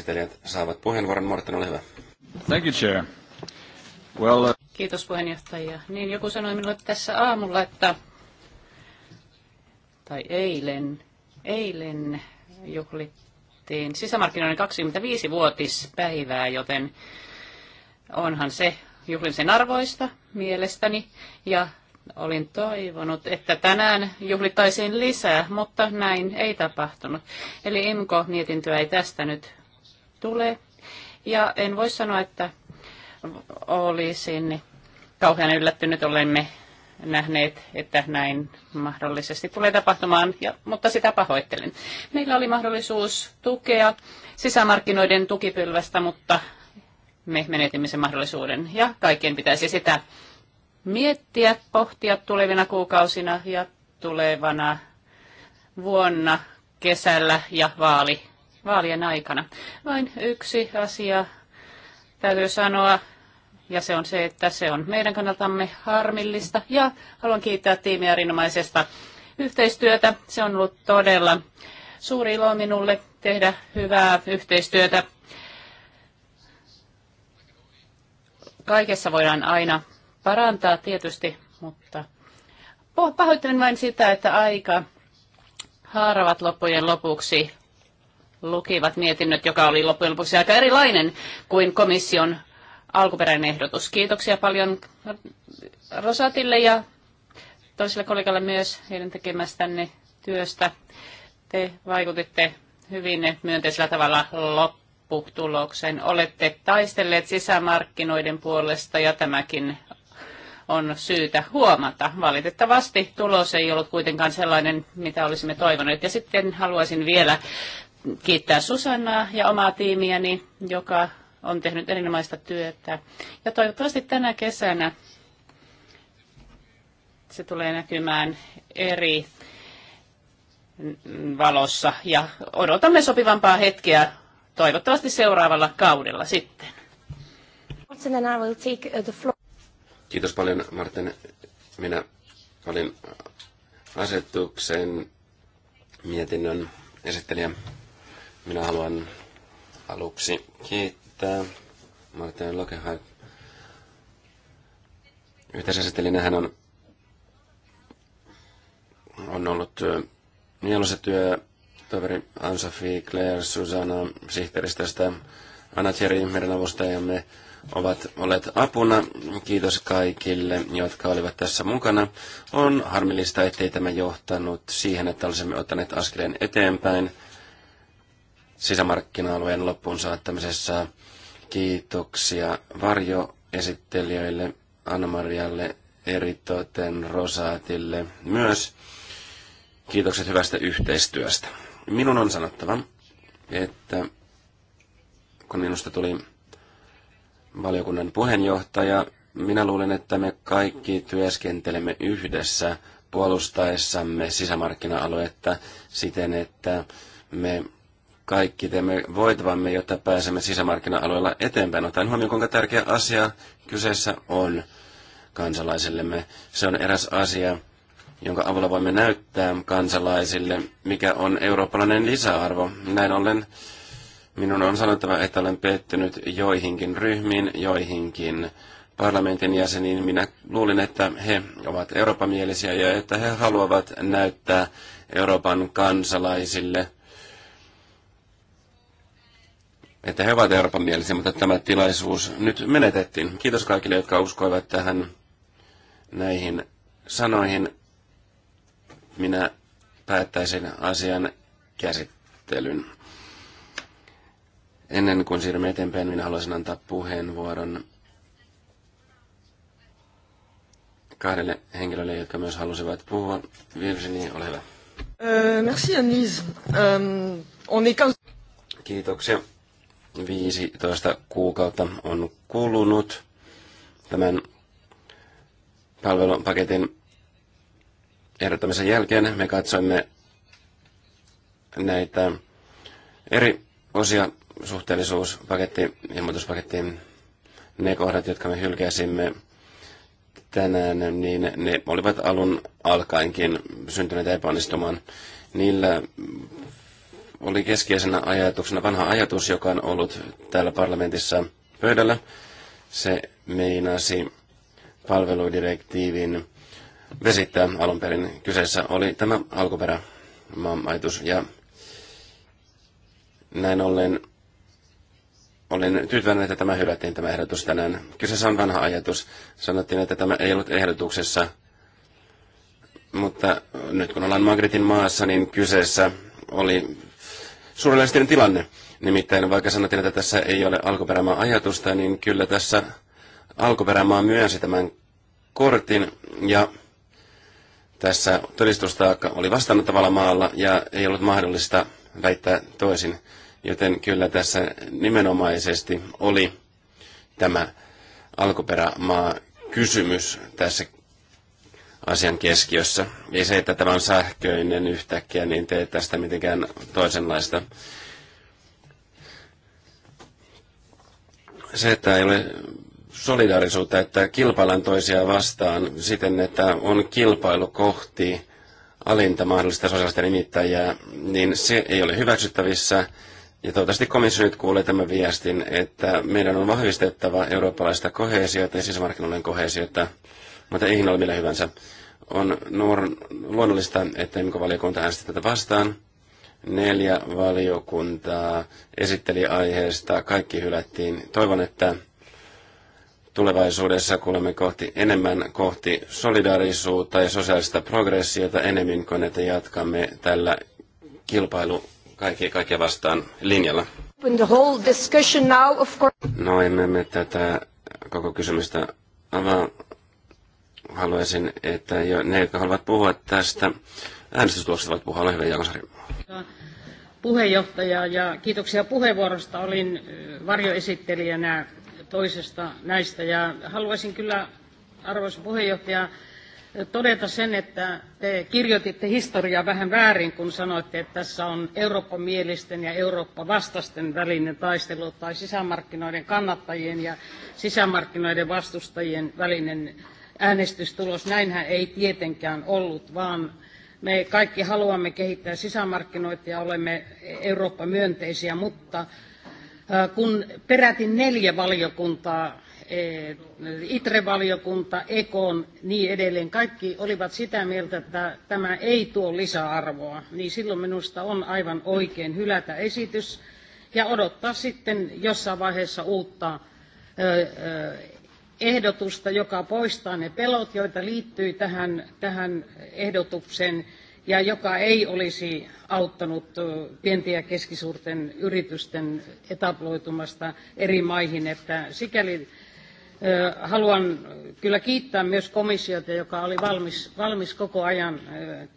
Speaker 2: esittelijät saavat puheenvuoron. Morten, ole hyvä. Thank you, Chair. Well, uh...
Speaker 4: Kiitos puheenjohtaja. Niin, joku sanoi minulle tässä aamulla, että, tai eilen, eilen juhlittiin sisämarkkinoiden 25-vuotispäivää, joten onhan se juhlimisen arvoista mielestäni. Ja olin toivonut, että tänään juhlittaisiin lisää, mutta näin ei tapahtunut. Eli IMKO-mietintöä ei tästä nyt Tulee, Ja en voi sanoa, että olisin kauhean yllättynyt, olemme nähneet, että näin mahdollisesti tulee tapahtumaan, ja, mutta sitä pahoittelen. Meillä oli mahdollisuus tukea sisämarkkinoiden tukipylvästä, mutta me menetimme sen mahdollisuuden. Ja kaikkien pitäisi sitä miettiä, pohtia tulevina kuukausina ja tulevana vuonna kesällä ja vaali vaalien aikana. Vain yksi asia täytyy sanoa, ja se on se, että se on meidän kannaltamme harmillista. Ja haluan kiittää tiimiä erinomaisesta yhteistyötä. Se on ollut todella suuri ilo minulle tehdä hyvää yhteistyötä. Kaikessa voidaan aina parantaa tietysti, mutta pahoittelen vain sitä, että aika haaravat loppujen lopuksi lukivat mietinnöt, joka oli loppujen lopuksi aika erilainen kuin komission alkuperäinen ehdotus. Kiitoksia paljon Rosatille ja toiselle kollegalle myös heidän tekemästänne työstä. Te vaikutitte hyvin myönteisellä tavalla lopputulokseen. Olette taistelleet sisämarkkinoiden puolesta ja tämäkin on syytä huomata. Valitettavasti tulos ei ollut kuitenkaan sellainen, mitä olisimme toivoneet. Ja sitten haluaisin vielä kiittää Susannaa ja omaa tiimiäni, joka on tehnyt erinomaista työtä. Ja toivottavasti tänä kesänä se tulee näkymään eri valossa ja odotamme sopivampaa hetkeä toivottavasti seuraavalla kaudella sitten. Uh,
Speaker 2: Kiitos paljon Martin. Minä olin asetuksen mietinnön esittelijä. Minä haluan aluksi kiittää Martin Lokehain yhteisesittelijänä. Hän on, on ollut mieluisa työ toveri Ansafi, Claire, Susanna, sihteeristöstä, Anna Thierry, meidän avustajamme, ovat olleet apuna. Kiitos kaikille, jotka olivat tässä mukana. On harmillista, ettei tämä johtanut siihen, että olisimme ottaneet askeleen eteenpäin sisämarkkina-alueen loppuun saattamisessa. Kiitoksia varjoesittelijöille, Anna-Marialle, eritoten Rosaatille myös. Kiitokset hyvästä yhteistyöstä. Minun on sanottava, että kun minusta tuli valiokunnan puheenjohtaja, minä luulen, että me kaikki työskentelemme yhdessä puolustaessamme sisämarkkina-aluetta siten, että me kaikki teemme voitavamme, jotta pääsemme sisämarkkina-alueella eteenpäin, Otan huomioon, kuinka tärkeä asia kyseessä on kansalaisillemme. Se on eräs asia, jonka avulla voimme näyttää kansalaisille, mikä on eurooppalainen lisäarvo. Näin ollen minun on sanottava, että olen pettynyt joihinkin ryhmiin, joihinkin parlamentin jäseniin. Minä luulin, että he ovat eurooppamielisiä ja että he haluavat näyttää Euroopan kansalaisille – että he ovat Euroopan mielisiä, mutta tämä tilaisuus nyt menetettiin. Kiitos kaikille, jotka uskoivat tähän näihin sanoihin. Minä päättäisin asian käsittelyn. Ennen kuin siirrymme eteenpäin, minä haluaisin antaa puheenvuoron kahdelle henkilölle, jotka myös halusivat puhua. Virginie, ole hyvä.
Speaker 1: Euh, merci Annelise. Euh, on est
Speaker 2: Kiitoksia. 15 kuukautta on kulunut tämän palvelupaketin ehdottamisen jälkeen. Me katsoimme näitä eri osia, suhteellisuuspaketti, ilmoituspaketti, ne kohdat, jotka me hylkäsimme tänään, niin ne olivat alun alkaenkin syntyneitä epäonnistumaan. Niillä oli keskeisenä ajatuksena vanha ajatus, joka on ollut täällä parlamentissa pöydällä. Se meinasi palveludirektiivin vesittää alun perin. Kyseessä oli tämä alkuperä ajatus ja näin ollen olin tyytyväinen, että tämä hylättiin tämä ehdotus tänään. Kyseessä on vanha ajatus. Sanottiin, että tämä ei ollut ehdotuksessa, mutta nyt kun ollaan Magritin maassa, niin kyseessä oli surrealistinen tilanne. Nimittäin vaikka sanottiin, että tässä ei ole alkuperämaa ajatusta, niin kyllä tässä alkuperämaa myönsi tämän kortin ja tässä todistustaakka oli vastaanottavalla maalla ja ei ollut mahdollista väittää toisin. Joten kyllä tässä nimenomaisesti oli tämä alkuperämaa kysymys tässä asian keskiössä. Ei se, että tämä on sähköinen yhtäkkiä, niin tee tästä mitenkään toisenlaista. Se, että ei ole solidaarisuutta, että kilpaillaan toisiaan vastaan siten, että on kilpailu kohti alinta mahdollista sosiaalista nimittäjää, niin se ei ole hyväksyttävissä. Ja toivottavasti komissio nyt kuulee tämän viestin, että meidän on vahvistettava eurooppalaista kohesiota ja sisämarkkinoiden kohesiota mutta ei hinnalla millä hyvänsä. On nuor- luonnollista, että mikä valiokunta äänesti tätä vastaan. Neljä valiokuntaa esitteli aiheesta, kaikki hylättiin. Toivon, että tulevaisuudessa kuulemme kohti enemmän kohti solidaarisuutta ja sosiaalista progressiota enemmän kuin että jatkamme tällä kilpailu kaikki, kaikkia vastaan linjalla. No emme me tätä koko kysymystä avaa, haluaisin, että jo ne, jotka haluavat puhua tästä, äänestystuloksesta voivat puhua. Ole hyvä, Jansari.
Speaker 3: Puheenjohtaja ja kiitoksia puheenvuorosta. Olin varjoesittelijänä toisesta näistä ja haluaisin kyllä, arvoisa puheenjohtaja, todeta sen, että te kirjoititte historiaa vähän väärin, kun sanoitte, että tässä on Eurooppa-mielisten ja Eurooppa-vastasten välinen taistelu tai sisämarkkinoiden kannattajien ja sisämarkkinoiden vastustajien välinen äänestystulos. Näinhän ei tietenkään ollut, vaan me kaikki haluamme kehittää sisämarkkinoita ja olemme Eurooppa-myönteisiä, mutta kun peräti neljä valiokuntaa, e, ITRE-valiokunta, EKON, niin edelleen, kaikki olivat sitä mieltä, että tämä ei tuo lisäarvoa, niin silloin minusta on aivan oikein hylätä esitys ja odottaa sitten jossain vaiheessa uutta ehdotusta, joka poistaa ne pelot, joita liittyy tähän, tähän ehdotukseen ja joka ei olisi auttanut pienten ja keskisuurten yritysten etabloitumasta eri maihin. Että sikäli haluan kyllä kiittää myös komissiota, joka oli valmis, valmis koko ajan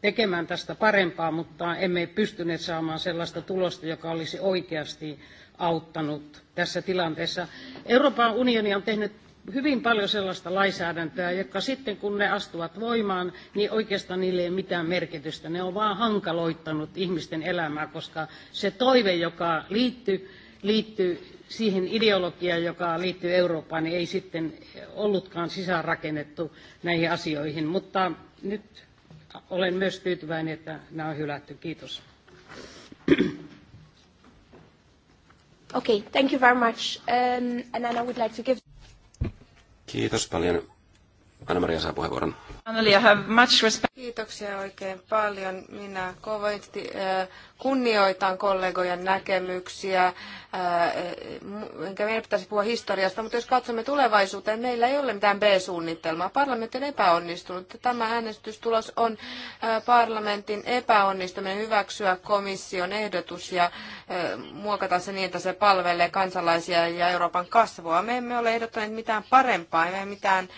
Speaker 3: tekemään tästä parempaa, mutta emme pystyneet saamaan sellaista tulosta, joka olisi oikeasti auttanut tässä tilanteessa. Euroopan unioni on tehnyt hyvin paljon sellaista lainsäädäntöä, joka sitten kun ne astuvat voimaan, niin oikeastaan niille ei ole mitään merkitystä. Ne on vaan hankaloittanut ihmisten elämää, koska se toive, joka liittyy, siihen ideologiaan, joka liittyy Eurooppaan, niin ei sitten ollutkaan sisäänrakennettu näihin asioihin. Mutta nyt olen myös tyytyväinen, että nämä on hylätty. Kiitos.
Speaker 1: Okay, thank you very much. Um, and then I would like to give...
Speaker 2: Kiitos paljon. Anna-Maria saa puheenvuoron.
Speaker 1: Anneli, have much respect. Kiitoksia oikein paljon. Minä kovasti äh, kunnioitan kollegojen näkemyksiä, äh, enkä meidän pitäisi puhua historiasta, mutta jos katsomme tulevaisuuteen, meillä ei ole mitään B-suunnitelmaa. Parlamentti on epäonnistunut. Tämä äänestystulos on äh, parlamentin epäonnistuminen hyväksyä komission ehdotus ja muokata se niin, että se palvelee kansalaisia ja Euroopan kasvua. Me emme ole ehdottaneet mitään parempaa, emme mitään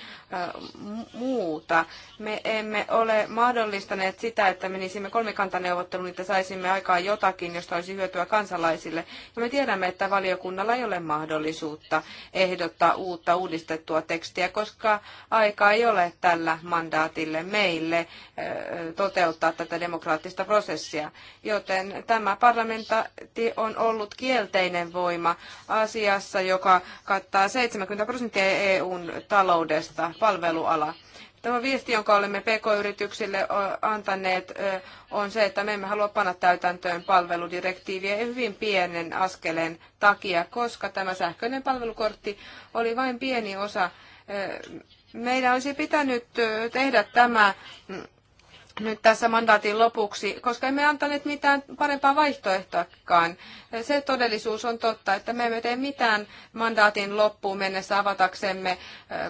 Speaker 1: muuta me emme ole mahdollistaneet sitä, että menisimme kolmikantaneuvotteluun, että saisimme aikaan jotakin, josta olisi hyötyä kansalaisille. Ja me tiedämme, että valiokunnalla ei ole mahdollisuutta ehdottaa uutta uudistettua tekstiä, koska aika ei ole tällä mandaatille meille eh, toteuttaa tätä demokraattista prosessia. Joten tämä parlamentti on ollut kielteinen voima asiassa, joka kattaa 70 prosenttia EUn taloudesta palveluala. Tämä viesti, jonka olemme PK-yrityksille antaneet, on se, että me emme halua panna täytäntöön palveludirektiiviä hyvin pienen askeleen takia, koska tämä sähköinen palvelukortti oli vain pieni osa. Meidän olisi pitänyt tehdä tämä mm, nyt tässä mandaatin lopuksi, koska emme antaneet mitään parempaa vaihtoehtoakaan. Se todellisuus on totta, että me emme tee mitään mandaatin loppuun mennessä avataksemme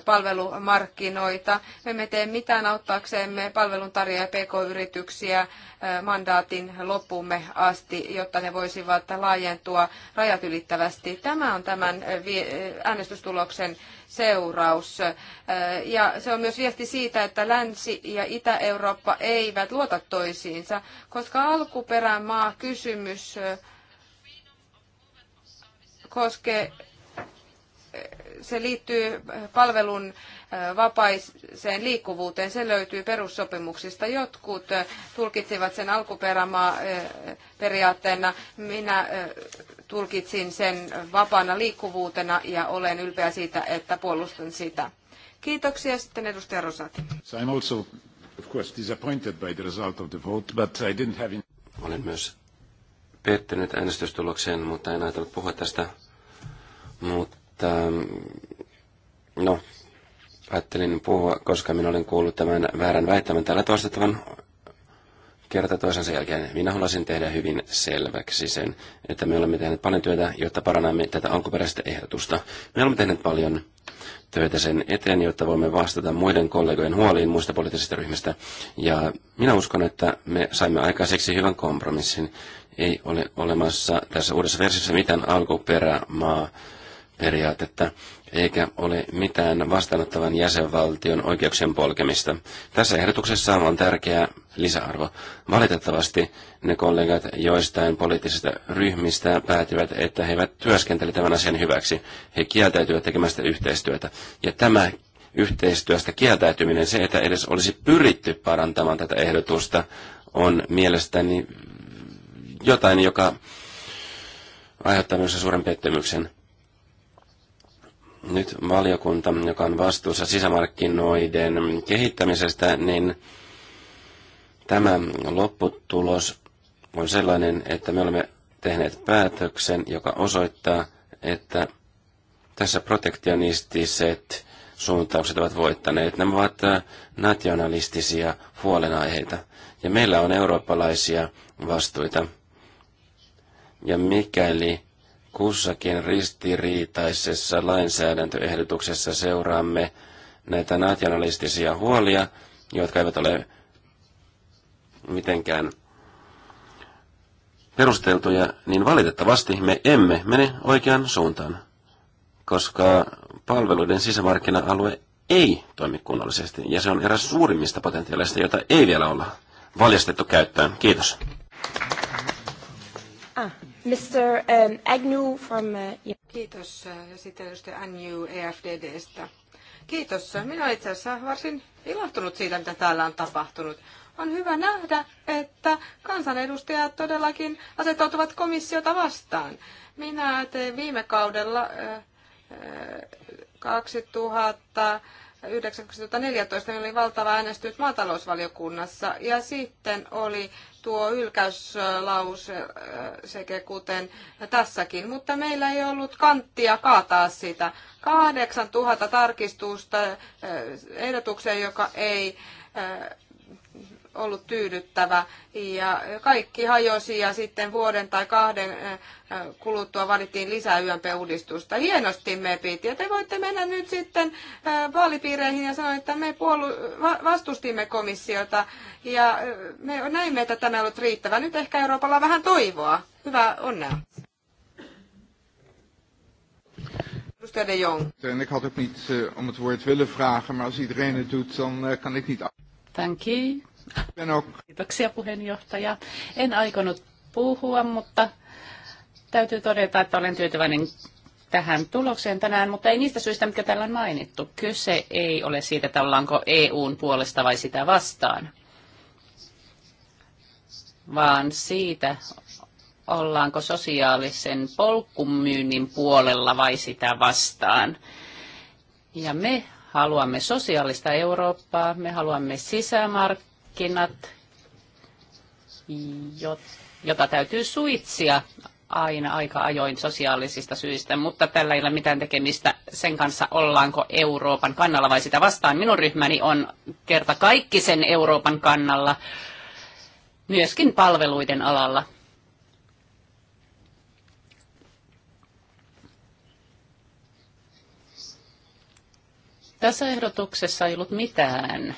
Speaker 1: palvelumarkkinoita. Me emme tee mitään auttaaksemme palveluntarjoajia pk-yrityksiä mandaatin loppuumme asti, jotta ne voisivat laajentua rajat ylittävästi. Tämä on tämän äänestystuloksen seuraus. Ja se on myös viesti siitä, että Länsi- ja Itä-Eurooppa eivät luota toisiinsa, koska alkuperämaa kysymys koskee se liittyy palvelun vapaiseen liikkuvuuteen. Se löytyy perussopimuksista. Jotkut tulkitsivat sen alkuperämaa periaatteena. Minä tulkitsin sen vapaana liikkuvuutena ja olen ylpeä siitä, että puolustan sitä. Kiitoksia sitten edustaja Rosati.
Speaker 2: I'm also, of course, disappointed by the result of the vote, but I didn't have... Olen myös pettynyt äänestystulokseen, mutta en ajatellut puhua tästä. Mutta mm, no, ajattelin puhua, koska minä olen kuullut tämän väärän väittämän täällä toistettavan kerta toisensa jälkeen. Minä haluaisin tehdä hyvin selväksi sen, että me olemme tehneet paljon työtä, jotta parannamme tätä alkuperäistä ehdotusta. Me olemme tehneet paljon töitä sen eteen, jotta voimme vastata muiden kollegojen huoliin muista poliittisista ryhmistä. Ja minä uskon, että me saimme aikaiseksi hyvän kompromissin. Ei ole olemassa tässä uudessa versiossa mitään alkuperämaa periaatetta, eikä ole mitään vastaanottavan jäsenvaltion oikeuksien polkemista. Tässä ehdotuksessa on tärkeää lisäarvo. Valitettavasti ne kollegat joistain poliittisista ryhmistä päätyvät, että he eivät työskentele tämän asian hyväksi. He kieltäytyvät tekemästä yhteistyötä. Ja tämä yhteistyöstä kieltäytyminen, se, että edes olisi pyritty parantamaan tätä ehdotusta, on mielestäni jotain, joka aiheuttaa myös suuren pettymyksen. Nyt valiokunta, joka on vastuussa sisämarkkinoiden kehittämisestä, niin Tämä lopputulos on sellainen, että me olemme tehneet päätöksen, joka osoittaa, että tässä protektionistiset suuntaukset ovat voittaneet. Nämä ovat äh, nationalistisia huolenaiheita. Ja meillä on eurooppalaisia vastuita. Ja mikäli kussakin ristiriitaisessa lainsäädäntöehdotuksessa seuraamme näitä nationalistisia huolia, jotka eivät ole mitenkään perusteltuja, niin valitettavasti me emme mene oikeaan suuntaan, koska palveluiden sisämarkkina-alue ei toimi kunnollisesti, ja se on eräs suurimmista potentiaaleista, jota ei vielä olla valjastettu käyttöön. Kiitos.
Speaker 1: Ah, Mr. Um, Agnew from... Uh, Kiitos, uh, ja sitten edustaja Agnew EFDDstä. Kiitos. Minä olen itse asiassa varsin ilahtunut siitä, mitä täällä on tapahtunut on hyvä nähdä, että kansanedustajat todellakin asettautuvat komissiota vastaan. Minä tein viime kaudella 2014 niin oli valtava äänestys maatalousvaliokunnassa ja sitten oli tuo ylkäyslause sekä kuten tässäkin, mutta meillä ei ollut kanttia kaataa sitä. 8000 tarkistusta ehdotukseen, joka ei ollut tyydyttävä ja kaikki hajosi ja sitten vuoden tai kahden kuluttua valittiin lisää YMP-uudistusta. Hienosti me piti. Ja te voitte mennä nyt sitten vaalipiireihin ja sanoa, että me puolu- vastustimme komissiota ja me näimme, että tämä on ollut riittävä. Nyt ehkä Euroopalla on vähän toivoa. Hyvää onnea.
Speaker 3: En ik had ook niet eh, om het woord willen vragen, maar als iedereen het doet, dan eh, kan ik niet...
Speaker 4: Thank you. Kiitoksia puheenjohtaja. En aikonut puhua, mutta täytyy todeta, että olen tyytyväinen tähän tulokseen tänään, mutta ei niistä syistä, mitkä täällä on mainittu. Kyse ei ole siitä, että ollaanko EUn puolesta vai sitä vastaan, vaan siitä, ollaanko sosiaalisen polkumyynnin puolella vai sitä vastaan. Ja me haluamme sosiaalista Eurooppaa, me haluamme sisämarkkinoita markkinat, jota täytyy suitsia aina aika ajoin sosiaalisista syistä, mutta tällä ei ole mitään tekemistä sen kanssa, ollaanko Euroopan kannalla vai sitä vastaan. Minun ryhmäni on kerta kaikki sen Euroopan kannalla, myöskin palveluiden alalla. Tässä ehdotuksessa ei ollut mitään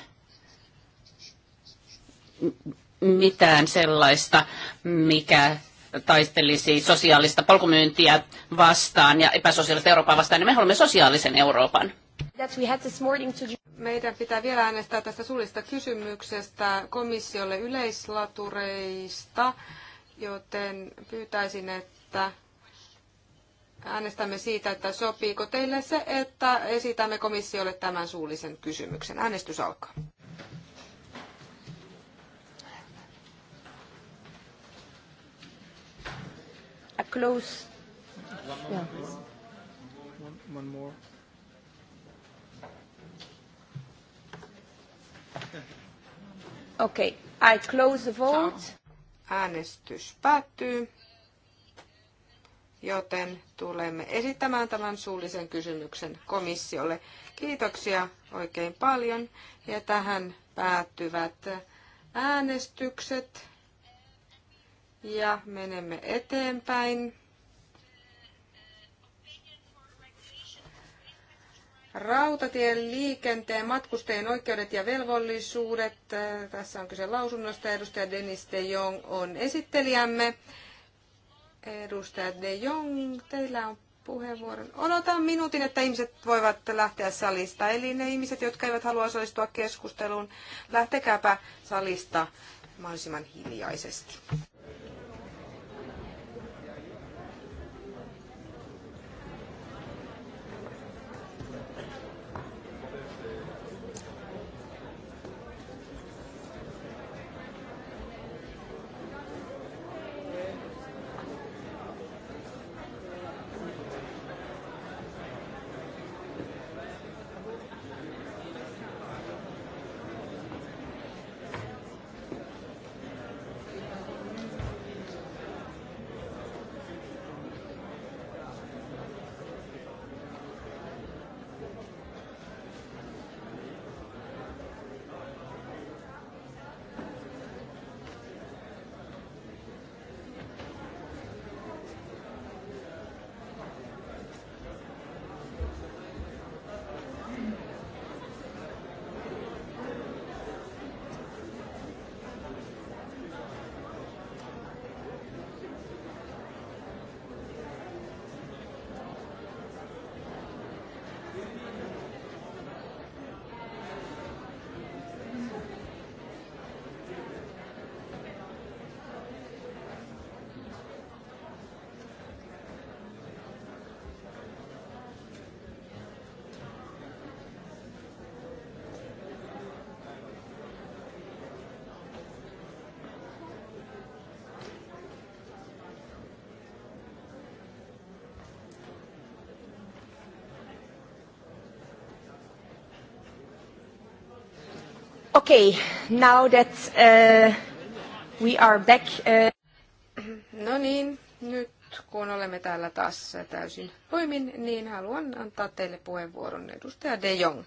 Speaker 4: mitään sellaista, mikä taistelisi sosiaalista polkumyyntiä vastaan ja epäsosiaalista Eurooppaa vastaan, niin me haluamme sosiaalisen Euroopan.
Speaker 1: Meidän pitää vielä äänestää tästä suullisesta kysymyksestä komissiolle yleislatureista, joten pyytäisin, että äänestämme siitä, että sopiiko teille se, että esitämme komissiolle tämän suullisen kysymyksen. Äänestys alkaa.
Speaker 3: a close. One more. Yeah. One, one more.
Speaker 1: Okay, I close the vote. Äänestys päättyy, joten tulemme esittämään tämän suullisen kysymyksen komissiolle. Kiitoksia oikein paljon ja tähän päättyvät äänestykset. Ja menemme eteenpäin. Rautatien liikenteen matkustajien oikeudet ja velvollisuudet. Tässä on kyse lausunnosta. Edustaja Denis de Jong on esittelijämme. Edustaja de Jong, teillä on puheenvuoron. Odotan minuutin, että ihmiset voivat lähteä salista. Eli ne ihmiset, jotka eivät halua osallistua keskusteluun, lähtekääpä salista mahdollisimman hiljaisesti. Okay, now that uh, we are back. Uh, no niin, nyt kun olemme täällä taas täysin voimin, niin haluan antaa teille puheenvuoron edustaja De Jong.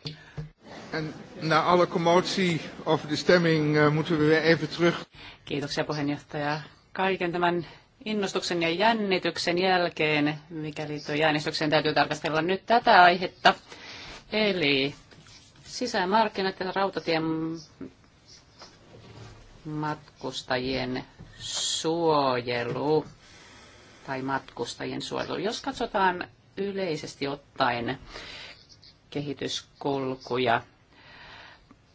Speaker 3: na alle commotie over de stemming eh, moeten
Speaker 4: we weer even terug. Kiitoksia puheenjohtaja. Kaiken tämän innostuksen ja jännityksen jälkeen, mikä liittyy äänestykseen, täytyy tarkastella nyt tätä aihetta. Eli sisämarkkinat ja rautatien matkustajien suojelu tai matkustajien suojelu. Jos katsotaan yleisesti ottaen kehityskulkuja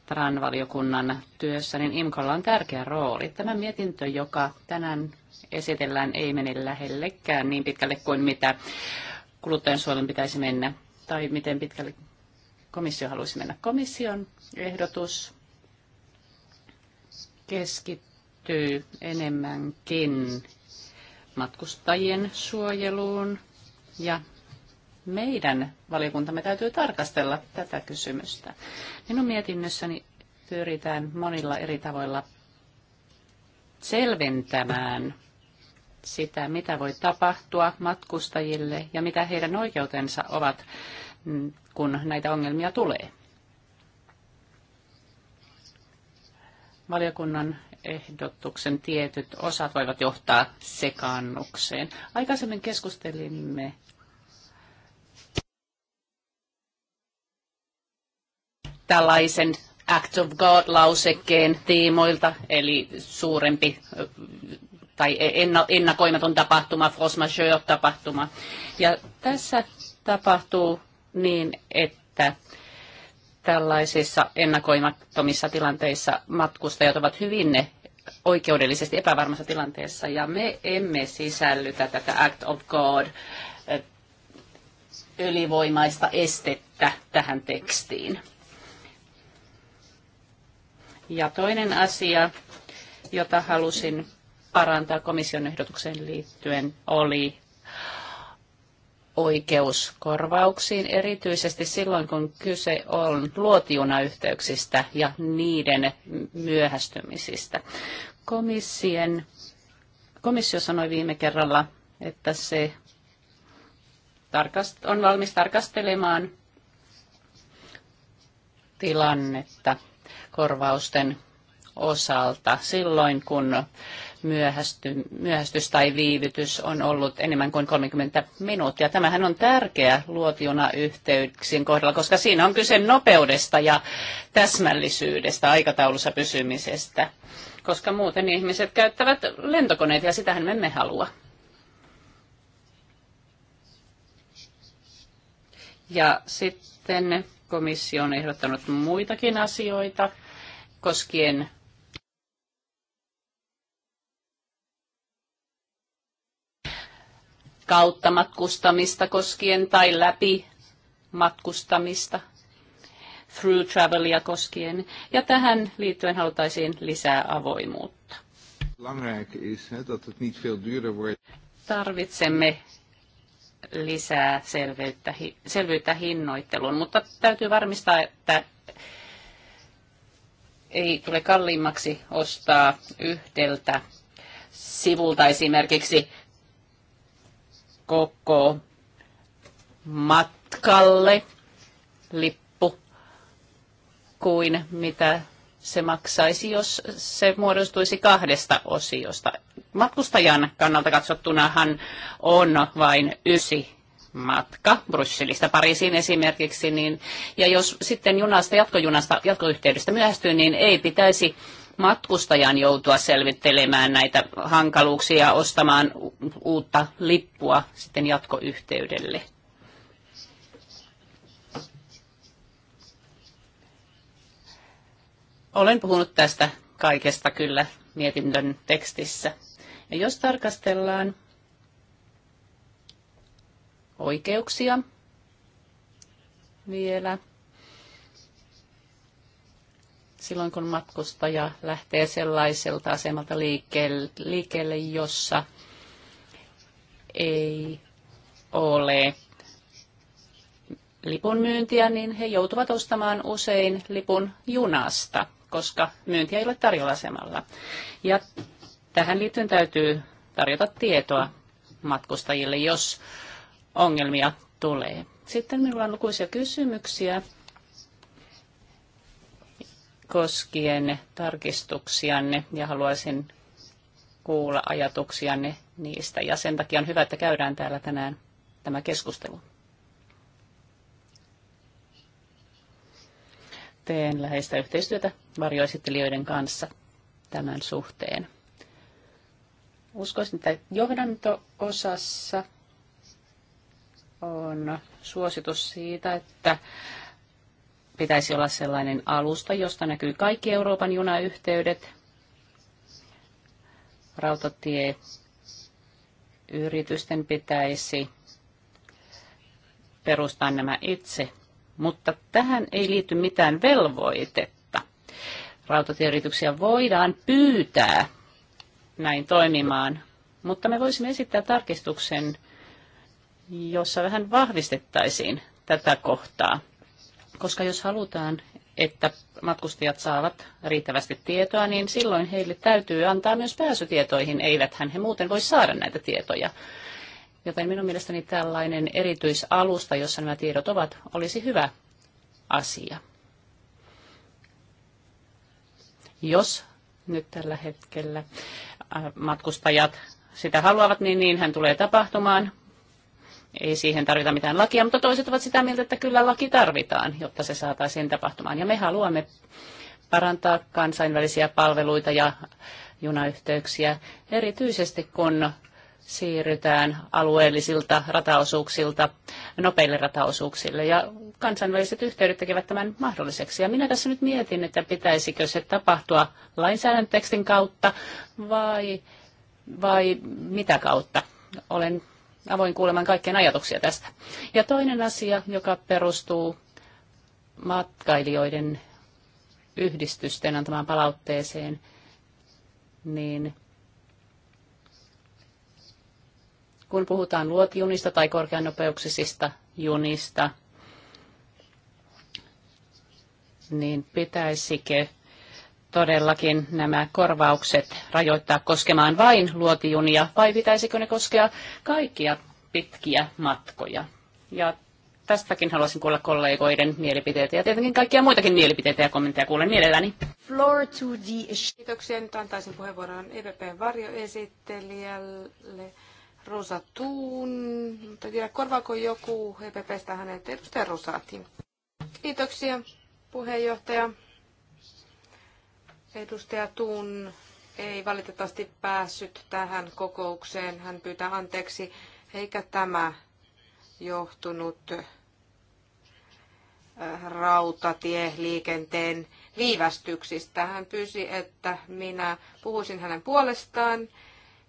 Speaker 4: TRAN-valiokunnan työssä, niin IMKOlla on tärkeä rooli. Tämä mietintö, joka tänään esitellään, ei mene lähellekään niin pitkälle kuin mitä kuluttajansuojelun pitäisi mennä tai miten pitkälle komissio halusi mennä. Komission ehdotus keskittyy enemmänkin matkustajien suojeluun ja meidän valiokuntamme täytyy tarkastella tätä kysymystä. Minun mietinnössäni pyritään monilla eri tavoilla selventämään sitä, mitä voi tapahtua matkustajille ja mitä heidän oikeutensa ovat kun näitä ongelmia tulee. Valiokunnan ehdotuksen tietyt osat voivat johtaa sekaannukseen. Aikaisemmin keskustelimme tällaisen Act of God-lausekkeen tiimoilta, eli suurempi tai ennakoimaton tapahtuma, force majeure-tapahtuma. Ja tässä tapahtuu niin, että tällaisissa ennakoimattomissa tilanteissa matkustajat ovat hyvin ne oikeudellisesti epävarmassa tilanteessa ja me emme sisällytä tätä Act of God eh, ylivoimaista estettä tähän tekstiin. Ja toinen asia, jota halusin parantaa komission ehdotukseen liittyen, oli oikeus korvauksiin, erityisesti silloin kun kyse on luotijunayhteyksistä ja niiden myöhästymisistä. Komission, komissio sanoi viime kerralla, että se tarkast, on valmis tarkastelemaan tilannetta korvausten osalta silloin, kun myöhästy, myöhästys tai viivytys on ollut enemmän kuin 30 minuuttia. Tämähän on tärkeä luotiona yhteyksien kohdalla, koska siinä on kyse nopeudesta ja täsmällisyydestä, aikataulussa pysymisestä, koska muuten ihmiset käyttävät lentokoneita ja sitähän me emme halua. Ja sitten komissio on ehdottanut muitakin asioita koskien kautta matkustamista koskien tai läpi matkustamista through travelia koskien. Ja tähän liittyen haluttaisiin lisää avoimuutta. Tarvitsemme lisää selvyyttä, selvyyttä hinnoitteluun, mutta täytyy varmistaa, että ei tule kalliimmaksi ostaa yhdeltä sivulta esimerkiksi koko matkalle lippu kuin mitä se maksaisi, jos se muodostuisi kahdesta osiosta. Matkustajan kannalta katsottunahan on vain ysi matka Brysselistä Pariisiin esimerkiksi, niin, ja jos sitten junasta, jatkojunasta, jatkoyhteydestä myöhästyy, niin ei pitäisi matkustajan joutua selvittelemään näitä hankaluuksia ja ostamaan uutta lippua sitten jatkoyhteydelle. Olen puhunut tästä kaikesta kyllä mietinnön tekstissä. Ja jos tarkastellaan oikeuksia vielä, silloin, kun matkustaja lähtee sellaiselta asemalta liikkeelle, liikkeelle jossa ei ole lipun myyntiä, niin he joutuvat ostamaan usein lipun junasta, koska myyntiä ei ole tarjolla asemalla. Ja tähän liittyen täytyy tarjota tietoa matkustajille, jos ongelmia tulee. Sitten minulla on lukuisia kysymyksiä koskien tarkistuksianne ja haluaisin kuulla ajatuksianne niistä. Ja sen takia on hyvä, että käydään täällä tänään tämä keskustelu. Teen läheistä yhteistyötä varjoesittelijöiden kanssa tämän suhteen. Uskoisin, että johdanto-osassa on suositus siitä, että pitäisi olla sellainen alusta, josta näkyy kaikki Euroopan junayhteydet, yritysten pitäisi perustaa nämä itse, mutta tähän ei liity mitään velvoitetta. Rautatieyrityksiä voidaan pyytää näin toimimaan, mutta me voisimme esittää tarkistuksen, jossa vähän vahvistettaisiin tätä kohtaa koska jos halutaan, että matkustajat saavat riittävästi tietoa, niin silloin heille täytyy antaa myös pääsytietoihin, eiväthän he muuten voi saada näitä tietoja. Joten minun mielestäni tällainen erityisalusta, jossa nämä tiedot ovat, olisi hyvä asia. Jos nyt tällä hetkellä äh, matkustajat sitä haluavat, niin niin hän tulee tapahtumaan, ei siihen tarvita mitään lakia, mutta toiset ovat sitä mieltä, että kyllä laki tarvitaan, jotta se saataisiin tapahtumaan. Ja me haluamme parantaa kansainvälisiä palveluita ja junayhteyksiä, erityisesti kun siirrytään alueellisilta rataosuuksilta nopeille rataosuuksille. Ja kansainväliset yhteydet tekevät tämän mahdolliseksi. Ja minä tässä nyt mietin, että pitäisikö se tapahtua lainsäädäntötekstin kautta vai, vai mitä kautta. Olen avoin kuulemaan kaikkien ajatuksia tästä. Ja toinen asia, joka perustuu matkailijoiden yhdistysten antamaan palautteeseen, niin kun puhutaan luotijunista tai korkeanopeuksisista junista, niin pitäisikö todellakin nämä korvaukset rajoittaa koskemaan vain luotijunia vai pitäisikö ne koskea kaikkia pitkiä matkoja? Ja tästäkin haluaisin kuulla kollegoiden mielipiteitä ja tietenkin kaikkia muitakin mielipiteitä ja kommentteja kuulen mielelläni.
Speaker 1: Floor to the... Kiitoksia. Nyt antaisin puheenvuoron EVPn varjoesittelijälle Rosa Tuun. Mutta tiedä, korvaako joku EPPstä hänet edustaja Rosatin Kiitoksia puheenjohtaja. Edustaja Tuun ei valitettavasti päässyt tähän kokoukseen. Hän pyytää anteeksi, eikä tämä johtunut äh, rautatieliikenteen viivästyksistä. Hän pyysi, että minä puhuisin hänen puolestaan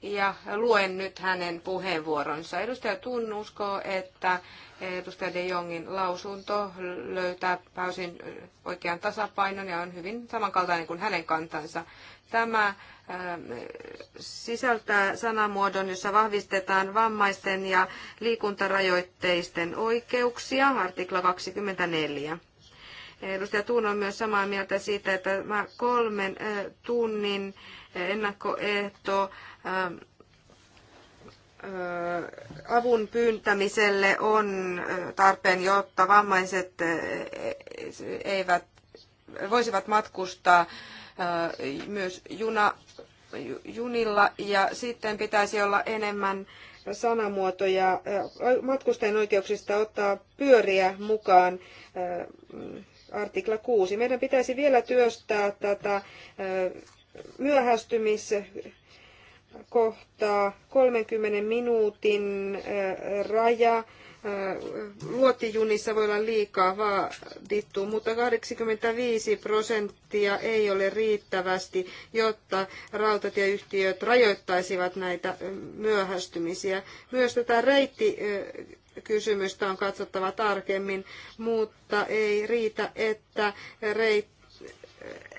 Speaker 1: ja luen nyt hänen puheenvuoronsa. Edustaja Tun uskoo, että edustaja De Jongin lausunto löytää pääosin oikean tasapainon ja on hyvin samankaltainen kuin hänen kantansa. Tämä ähm, sisältää sanamuodon, jossa vahvistetaan vammaisten ja liikuntarajoitteisten oikeuksia, artikla 24. Edustaja Tuun on myös samaa mieltä siitä, että kolmen äh, tunnin äh, ennakkoehto Ähm, äh, avun pyyntämiselle on äh, tarpeen, jotta vammaiset äh, eivät voisivat matkustaa myös juna, junilla ja sitten pitäisi olla enemmän sanamuotoja matkustajien oikeuksista ottaa pyöriä mukaan artikla 6. Meidän pitäisi vielä työstää tätä myöhästymis kohtaa 30 minuutin äh, raja äh, luotijunissa voi olla liikaa vaadittu, mutta 85 prosenttia ei ole riittävästi, jotta rautatieyhtiöt rajoittaisivat näitä äh, myöhästymisiä. Myös tätä reitti kysymystä on katsottava tarkemmin, mutta ei riitä, että, reit,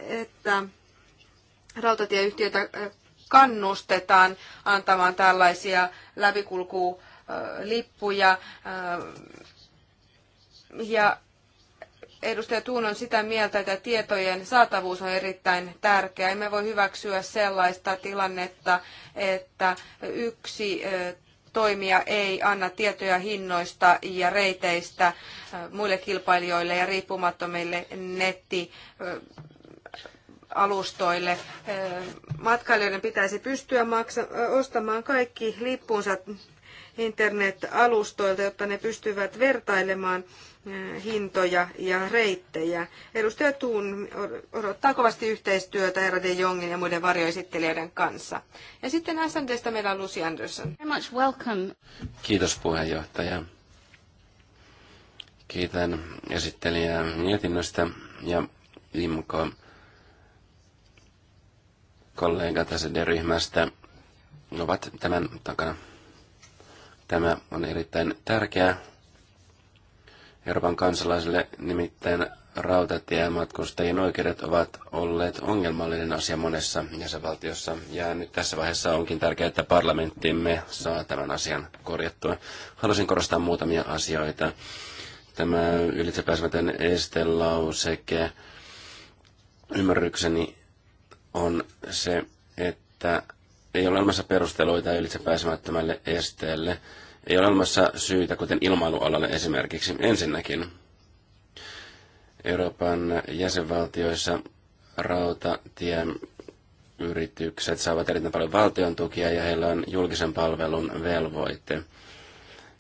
Speaker 1: että rautatieyhtiötä kannustetaan antamaan tällaisia läpikulkulippuja. Äh, ja edustaja Tuun on sitä mieltä, että tietojen saatavuus on erittäin tärkeää. Emme voi hyväksyä sellaista tilannetta, että yksi äh, toimija ei anna tietoja hinnoista ja reiteistä äh, muille kilpailijoille ja riippumattomille netti alustoille. Matkailijoiden pitäisi pystyä maksa- ostamaan kaikki lippunsa internet-alustoilta, jotta ne pystyvät vertailemaan hintoja ja reittejä. Edustaja Tuun odottaa kovasti yhteistyötä Erade Jongin ja muiden varjoesittelijöiden kanssa. Ja sitten SMTstä meillä on Lucy Anderson. Much
Speaker 3: welcome.
Speaker 2: Kiitos puheenjohtaja. Kiitän esittelijää mietinnöstä ja IMKO kollegat SD-ryhmästä ovat tämän takana. Tämä on erittäin tärkeää Euroopan kansalaisille, nimittäin rautatiematkustajien oikeudet ovat olleet ongelmallinen asia monessa jäsenvaltiossa. Ja nyt tässä vaiheessa onkin tärkeää, että parlamenttimme saa tämän asian korjattua. Haluaisin korostaa muutamia asioita. Tämä ylitsepääsemätön estelauseke ymmärrykseni on se, että ei ole olemassa perusteluita ylitse pääsemättömälle esteelle. Ei ole olemassa syitä, kuten ilmailualalle esimerkiksi. Ensinnäkin Euroopan jäsenvaltioissa rautatieyritykset saavat erittäin paljon valtion tukia ja heillä on julkisen palvelun velvoite.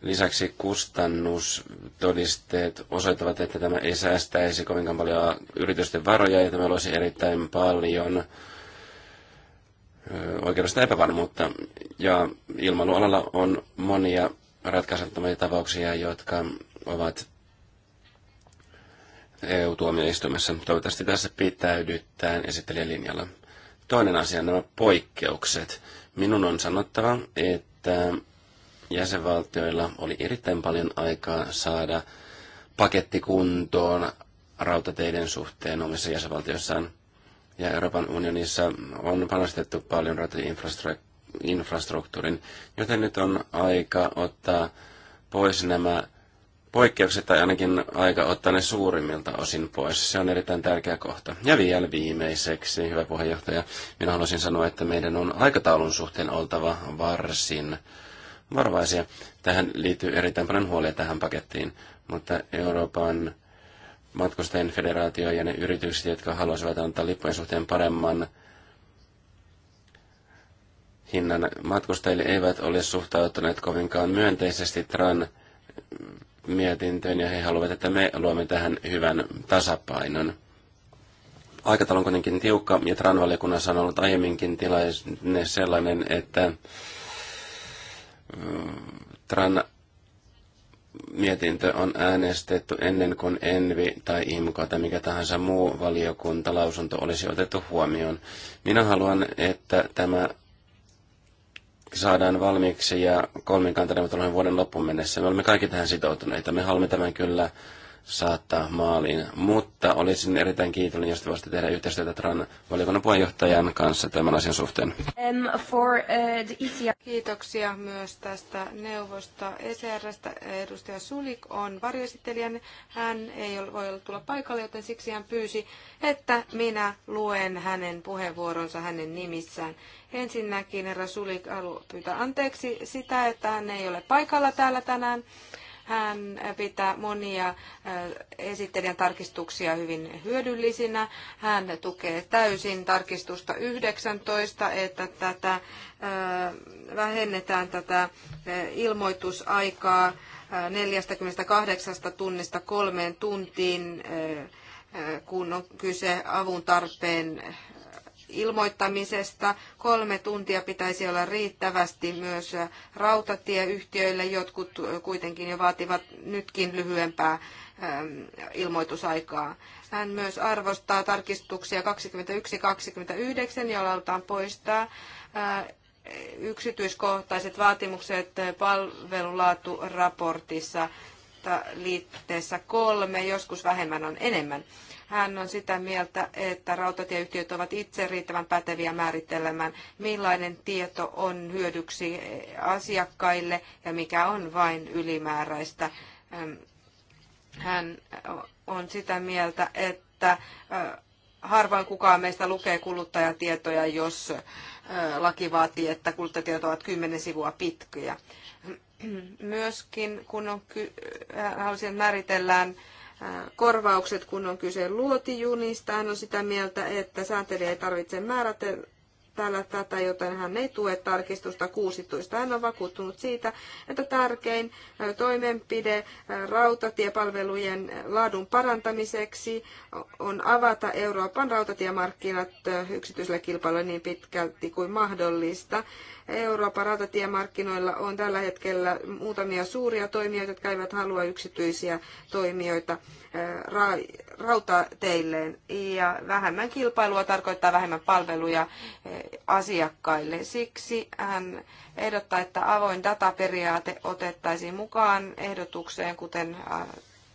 Speaker 2: Lisäksi kustannustodisteet osoittavat, että tämä ei säästäisi kovinkaan paljon yritysten varoja ja tämä loisi erittäin paljon oikeudesta epävarmuutta. Ja ilmailualalla on monia ratkaisettomia tapauksia, jotka ovat EU-tuomioistuimessa. Toivottavasti tässä pitäydyttään esittelijän linjalla. Toinen asia, nämä poikkeukset. Minun on sanottava, että jäsenvaltioilla oli erittäin paljon aikaa saada paketti kuntoon rautateiden suhteen omissa jäsenvaltioissaan. Ja Euroopan unionissa on panostettu paljon rautatieinfrastruktuurin, joten nyt on aika ottaa pois nämä poikkeukset, tai ainakin aika ottaa ne suurimmilta osin pois. Se on erittäin tärkeä kohta. Ja vielä viimeiseksi, hyvä puheenjohtaja, minä haluaisin sanoa, että meidän on aikataulun suhteen oltava varsin varovaisia. Tähän liittyy erittäin paljon huolia tähän pakettiin, mutta Euroopan matkustajien federaatio ja ne yritykset, jotka haluaisivat antaa lippujen suhteen paremman hinnan matkustajille, eivät ole suhtautuneet kovinkaan myönteisesti TRAN mietintöön ja he haluavat, että me luomme tähän hyvän tasapainon. Aikataulu on kuitenkin tiukka ja TRAN-valiokunnassa on ollut aiemminkin tilanne sellainen, että Tran mietintö on äänestetty ennen kuin Envi tai IMKO tai mikä tahansa muu valiokuntalausunto olisi otettu huomioon. Minä haluan, että tämä saadaan valmiiksi ja kolminkantaneuvottelujen vuoden loppuun mennessä. Me olemme kaikki tähän sitoutuneita. Me haluamme tämän kyllä saattaa maaliin. Mutta olisin erittäin kiitollinen, jos te voisitte tehdä yhteistyötä Tran valiokunnan puheenjohtajan kanssa tämän asian suhteen.
Speaker 1: Um, for, uh, Kiitoksia myös tästä neuvosta ECRstä. Edustaja Sulik on varjoesittelijän. Hän ei ole, voi olla tulla paikalle, joten siksi hän pyysi, että minä luen hänen puheenvuoronsa hänen nimissään. Ensinnäkin herra Sulik haluaa pyytää anteeksi sitä, että hän ei ole paikalla täällä tänään. Hän pitää monia äh, esittelijän tarkistuksia hyvin hyödyllisinä. Hän tukee täysin tarkistusta 19, että tätä, äh, vähennetään tätä äh, ilmoitusaikaa 48 tunnista kolmeen tuntiin kun on kyse avun tarpeen ilmoittamisesta. Kolme tuntia pitäisi olla riittävästi myös rautatieyhtiöille. Jotkut kuitenkin jo vaativat nytkin lyhyempää ähm, ilmoitusaikaa. Hän myös arvostaa tarkistuksia 21-29, joilla halutaan poistaa äh, yksityiskohtaiset vaatimukset palvelulaaturaportissa liitteessä kolme, joskus vähemmän on enemmän. Hän on sitä mieltä, että rautatieyhtiöt ovat itse riittävän päteviä määrittelemään, millainen tieto on hyödyksi asiakkaille ja mikä on vain ylimääräistä. Hän on sitä mieltä, että harvoin kukaan meistä lukee kuluttajatietoja, jos laki vaatii, että kuluttajatiedot ovat kymmenen sivua pitkiä. Myöskin kun on, haluaisin määritellään korvaukset, kun on kyse luotijunista. Hän on sitä mieltä, että sääntelijä ei tarvitse määrätellä tätä, joten hän ei tue tarkistusta 16. Hän on vakuuttunut siitä, että tärkein toimenpide rautatiepalvelujen laadun parantamiseksi on avata Euroopan rautatiemarkkinat yksityisille kilpailulle niin pitkälti kuin mahdollista. Euroopan rautatiemarkkinoilla on tällä hetkellä muutamia suuria toimijoita, jotka eivät halua yksityisiä toimijoita rautateilleen. Ja vähemmän kilpailua tarkoittaa vähemmän palveluja asiakkaille. Siksi hän ehdottaa, että avoin dataperiaate otettaisiin mukaan ehdotukseen, kuten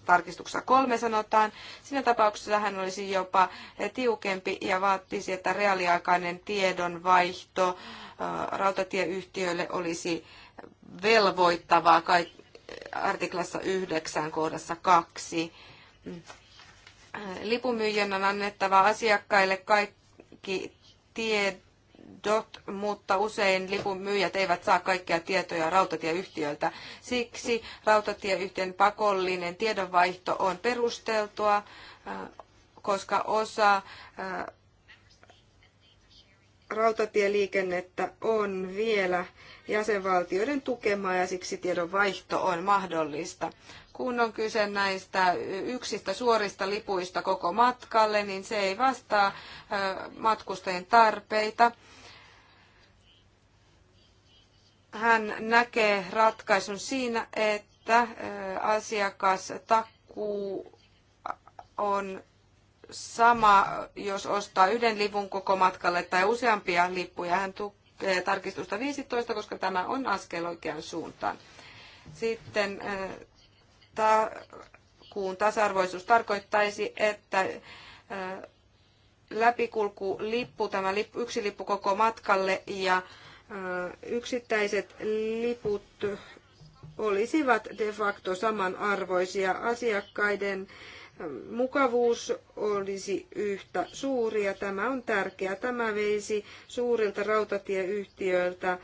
Speaker 1: tarkistuksessa kolme sanotaan. Siinä tapauksessa hän olisi jopa tiukempi ja vaatisi, että reaaliaikainen tiedonvaihto rautatieyhtiöille olisi velvoittavaa artiklassa 9 kohdassa 2. lipumyyjän on annettava asiakkaille kaikki tiedot dot, mutta usein lipun myyjät eivät saa kaikkia tietoja rautatieyhtiöltä. Siksi rautatieyhtiön pakollinen tiedonvaihto on perusteltua, äh, koska osa äh, rautatieliikennettä on vielä jäsenvaltioiden tukemaa ja siksi tiedonvaihto on mahdollista. Kun on kyse näistä yksistä suorista lipuista koko matkalle, niin se ei vastaa äh, matkustajien tarpeita hän näkee ratkaisun siinä, että asiakas takkuu on sama, jos ostaa yhden lipun koko matkalle tai useampia lippuja. Hän tukee tarkistusta 15, koska tämä on askel oikeaan suuntaan. Sitten ta- kuun tasa-arvoisuus tarkoittaisi, että lippu, tämä lippu, yksi lippu koko matkalle ja yksittäiset liput olisivat de facto samanarvoisia. Asiakkaiden mukavuus olisi yhtä suuri ja tämä on tärkeää. Tämä veisi suurilta rautatieyhtiöiltä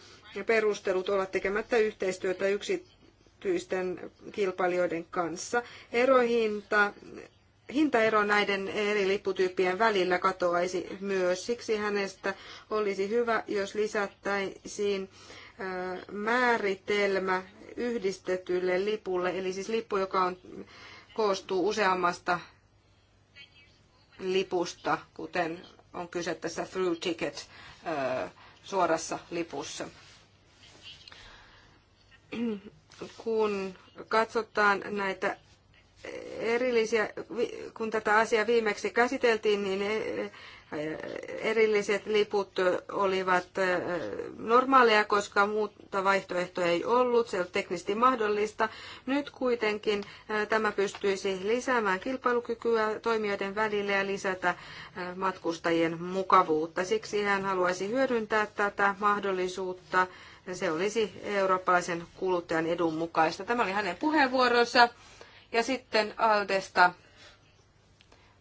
Speaker 1: perustelut olla tekemättä yhteistyötä yksityisten kilpailijoiden kanssa. Erohinta hintaero näiden eri lipputyyppien välillä katoaisi myös. Siksi hänestä olisi hyvä, jos lisättäisiin määritelmä yhdistetylle lipulle, eli siis lippu, joka on, koostuu useammasta lipusta, kuten on kyse tässä through ticket suorassa lipussa. Kun katsotaan näitä erillisiä, kun tätä asiaa viimeksi käsiteltiin, niin e, erilliset liput olivat e, normaaleja, koska muuta vaihtoehtoa ei ollut, se oli teknisesti mahdollista. Nyt kuitenkin e, tämä pystyisi lisäämään kilpailukykyä toimijoiden välillä ja lisätä matkustajien mukavuutta. Siksi hän haluaisi hyödyntää tätä mahdollisuutta. Se olisi eurooppalaisen kuluttajan edun mukaista. Tämä oli hänen puheenvuoronsa. Ja sitten Aldesta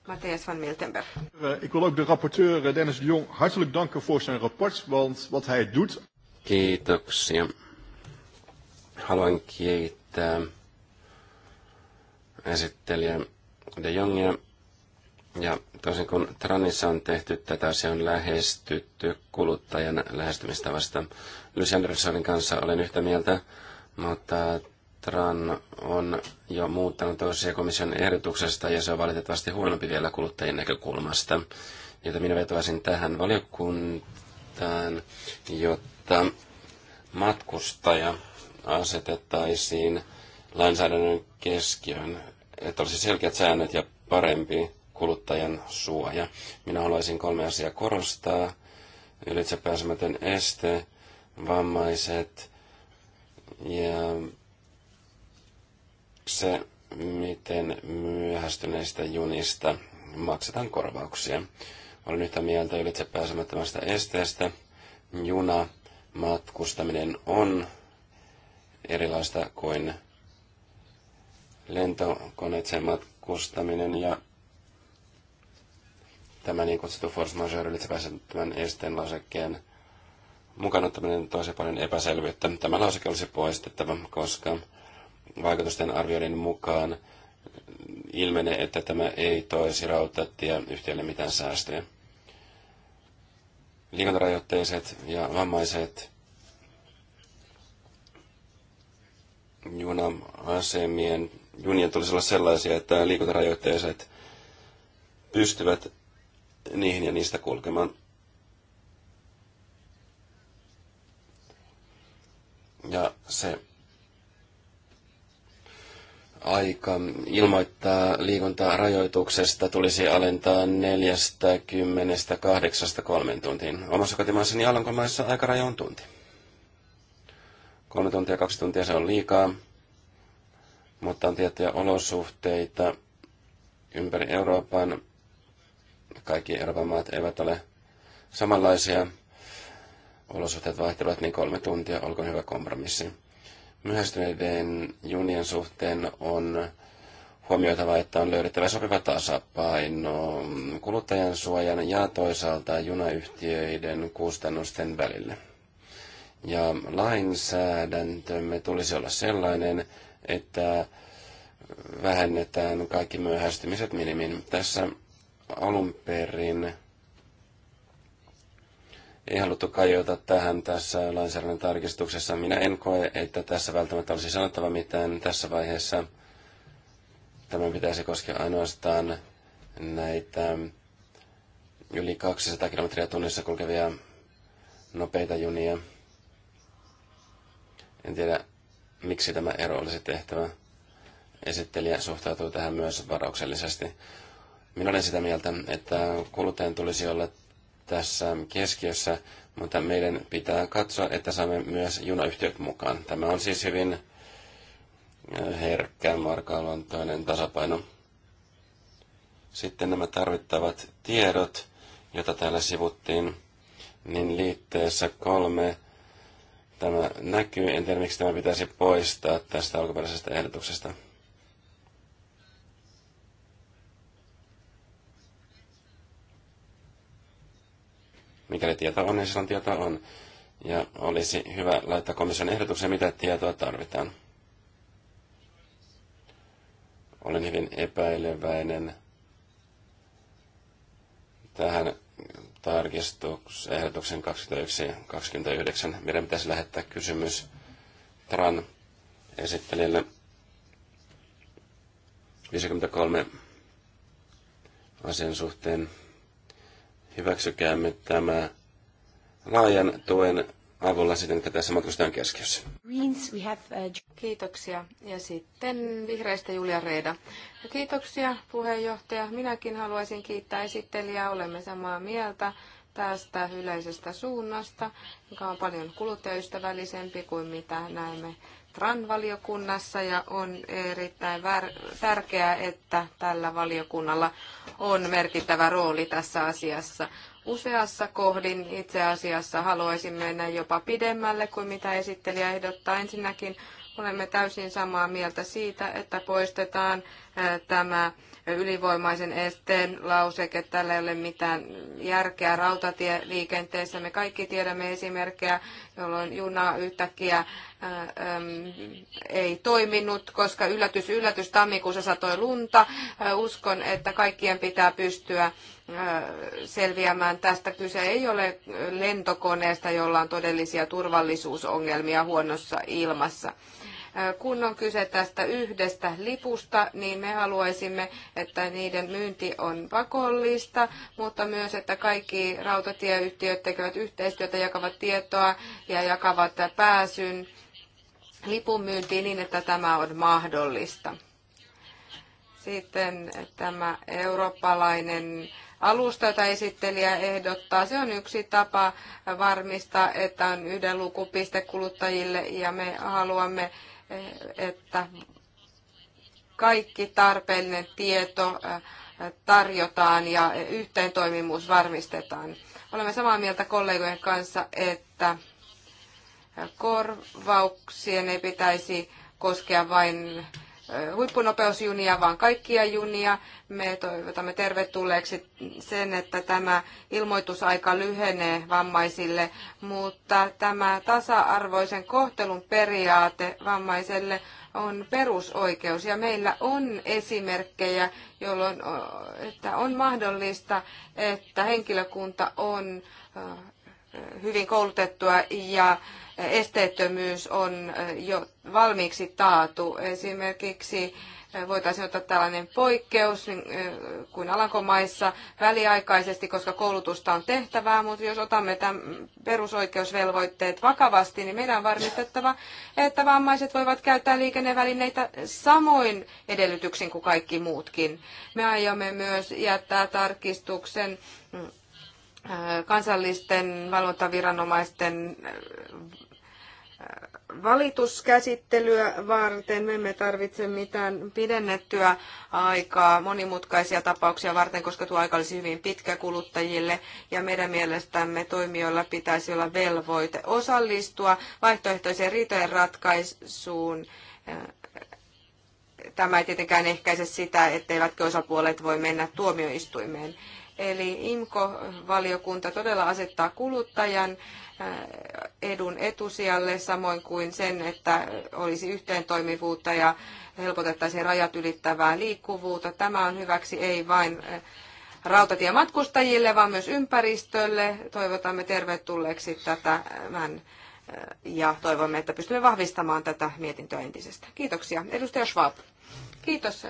Speaker 1: Matthias van Miltenberg. Eh, ik wil ook de rapporteur eh, Dennis de Jong hartelijk danken voor zijn rapport,
Speaker 4: want wat hij doet...
Speaker 2: Kiitoksia. Haluan kiittää esittelijä De Jongia. Ja tosin kun Tranissa on tehty tätä, asiaa, on lähestytty kuluttajan lähestymistavasta. Lucy Andersonin kanssa olen yhtä mieltä, mutta Tran on jo muuttanut toisia komission ehdotuksesta ja se on valitettavasti huonompi vielä kuluttajien näkökulmasta. Joten minä vetoaisin tähän valiokuntaan, jotta matkustaja asetettaisiin lainsäädännön keskiöön, että olisi selkeät säännöt ja parempi kuluttajan suoja. Minä haluaisin kolme asiaa korostaa. Ylitsepääsemätön este, vammaiset ja se, miten myöhästyneistä junista maksetaan korvauksia. Olen yhtä mieltä ylitse pääsemättömästä esteestä. Juna matkustaminen on erilaista kuin lentokoneeseen matkustaminen ja tämä niin kutsuttu force majeure ylitsepääsemättömän esteen lasekkeen mukaan ottaminen tosi paljon epäselvyyttä. Tämä lauseke olisi poistettava, koska vaikutusten arvioiden mukaan ilmenee, että tämä ei toisi rautatie yhtiölle mitään säästöjä. Liikuntarajoitteiset ja vammaiset juna-asemien, junien tulisi olla sellaisia, että liikuntarajoitteiset pystyvät niihin ja niistä kulkemaan. Ja se aika ilmoittaa liikuntarajoituksesta tulisi alentaa 40 kolmen tuntiin. Omassa kotimaassani Alankomaissa raja on tunti. Kolme tuntia, kaksi tuntia se on liikaa, mutta on tiettyjä olosuhteita ympäri Euroopan. Kaikki Euroopan maat eivät ole samanlaisia. Olosuhteet vaihtelevat, niin kolme tuntia, olkoon hyvä kompromissi myöhästyneiden junien suhteen on huomioitava, että on löydettävä sopiva tasapaino kuluttajan suojan ja toisaalta junayhtiöiden kustannusten välille. Ja lainsäädäntömme tulisi olla sellainen, että vähennetään kaikki myöhästymiset minimin. Tässä alun perin ei haluttu kajota tähän tässä lainsäädännön tarkistuksessa. Minä en koe, että tässä välttämättä olisi sanottava mitään tässä vaiheessa. Tämän pitäisi koskea ainoastaan näitä yli 200 kilometriä tunnissa kulkevia nopeita junia. En tiedä, miksi tämä ero olisi tehtävä. Esittelijä suhtautuu tähän myös varauksellisesti. Minä olen sitä mieltä, että kuluttajan tulisi olla tässä keskiössä, mutta meidän pitää katsoa, että saamme myös junayhtiöt mukaan. Tämä on siis hyvin äh, herkkä, markaluontoinen tasapaino. Sitten nämä tarvittavat tiedot, joita täällä sivuttiin, niin liitteessä kolme tämä näkyy. En tiedä, miksi tämä pitäisi poistaa tästä alkuperäisestä ehdotuksesta. Mikäli tietoa on, niin silloin tietoa on. Ja olisi hyvä laittaa komission ehdotuksen, mitä tietoa tarvitaan. Olen hyvin epäileväinen tähän tarkistusehdotuksen 29. Meidän pitäisi lähettää kysymys TRAN esittelijälle 53 asian suhteen hyväksykäämme tämä laajan tuen avulla siten, että tässä matkustajan keskiössä.
Speaker 1: Uh, kiitoksia. Ja sitten vihreistä Julia Reeda. Kiitoksia puheenjohtaja. Minäkin haluaisin kiittää esittelijää. Olemme samaa mieltä tästä yleisestä suunnasta, joka on paljon kuluttajaystävällisempi kuin mitä näemme TRAN-valiokunnassa ja on erittäin tärkeää, että tällä valiokunnalla on merkittävä rooli tässä asiassa. Useassa kohdin itse asiassa haluaisin mennä jopa pidemmälle kuin mitä esittelijä ehdottaa. Ensinnäkin olemme täysin samaa mieltä siitä, että poistetaan tämä ylivoimaisen esteen lauseke. Tällä ei ole mitään järkeä rautatieliikenteessä. Me kaikki tiedämme esimerkkejä, jolloin juna yhtäkkiä ää, äh, äm, ei toiminut, koska yllätys, yllätys, tammikuussa satoi lunta. Ää, äh, uskon, että kaikkien pitää pystyä äh, selviämään tästä. Kyse ei ole lentokoneesta, jolla on todellisia turvallisuusongelmia huonossa ilmassa. Kun on kyse tästä yhdestä lipusta, niin me haluaisimme, että niiden myynti on pakollista, mutta myös, että kaikki rautatieyhtiöt tekevät yhteistyötä, jakavat tietoa ja jakavat pääsyn lipunmyyntiin niin, että tämä on mahdollista. Sitten tämä eurooppalainen alusta, jota esittelijä ehdottaa. Se on yksi tapa varmistaa, että on yhden luku kuluttajille ja me haluamme että kaikki tarpeellinen tieto tarjotaan ja yhteentoimivuus varmistetaan. Olemme samaa mieltä kollegojen kanssa, että korvauksien ei pitäisi koskea vain huippunopeusjunia, vaan kaikkia junia. Me toivotamme tervetulleeksi sen, että tämä ilmoitusaika lyhenee vammaisille, mutta tämä tasa-arvoisen kohtelun periaate vammaiselle on perusoikeus ja meillä on esimerkkejä, jolloin että on mahdollista, että henkilökunta on hyvin koulutettua ja esteettömyys on jo valmiiksi taatu. Esimerkiksi voitaisiin ottaa tällainen poikkeus kuin Alankomaissa väliaikaisesti, koska koulutusta on tehtävää, mutta jos otamme tämän perusoikeusvelvoitteet vakavasti, niin meidän on varmistettava, että vammaiset voivat käyttää liikennevälineitä samoin edellytyksin kuin kaikki muutkin. Me aiomme myös jättää tarkistuksen kansallisten valvontaviranomaisten valituskäsittelyä varten. Me emme tarvitse mitään pidennettyä aikaa monimutkaisia tapauksia varten, koska tuo aika olisi hyvin pitkä kuluttajille ja meidän mielestämme toimijoilla pitäisi olla velvoite osallistua vaihtoehtoiseen riitojen ratkaisuun. Tämä ei tietenkään ehkäise sitä, etteivätkö osapuolet voi mennä tuomioistuimeen. Eli IMKO-valiokunta todella asettaa kuluttajan Äh, edun etusijalle, samoin kuin sen, että olisi yhteentoimivuutta ja helpotettaisiin rajat ylittävää liikkuvuutta. Tämä on hyväksi ei vain äh, rautatiematkustajille, vaan myös ympäristölle. Toivotamme tervetulleeksi tätä äh, ja toivomme, että pystymme vahvistamaan tätä mietintöä entisestä. Kiitoksia. Edustaja Schwab. Kiitos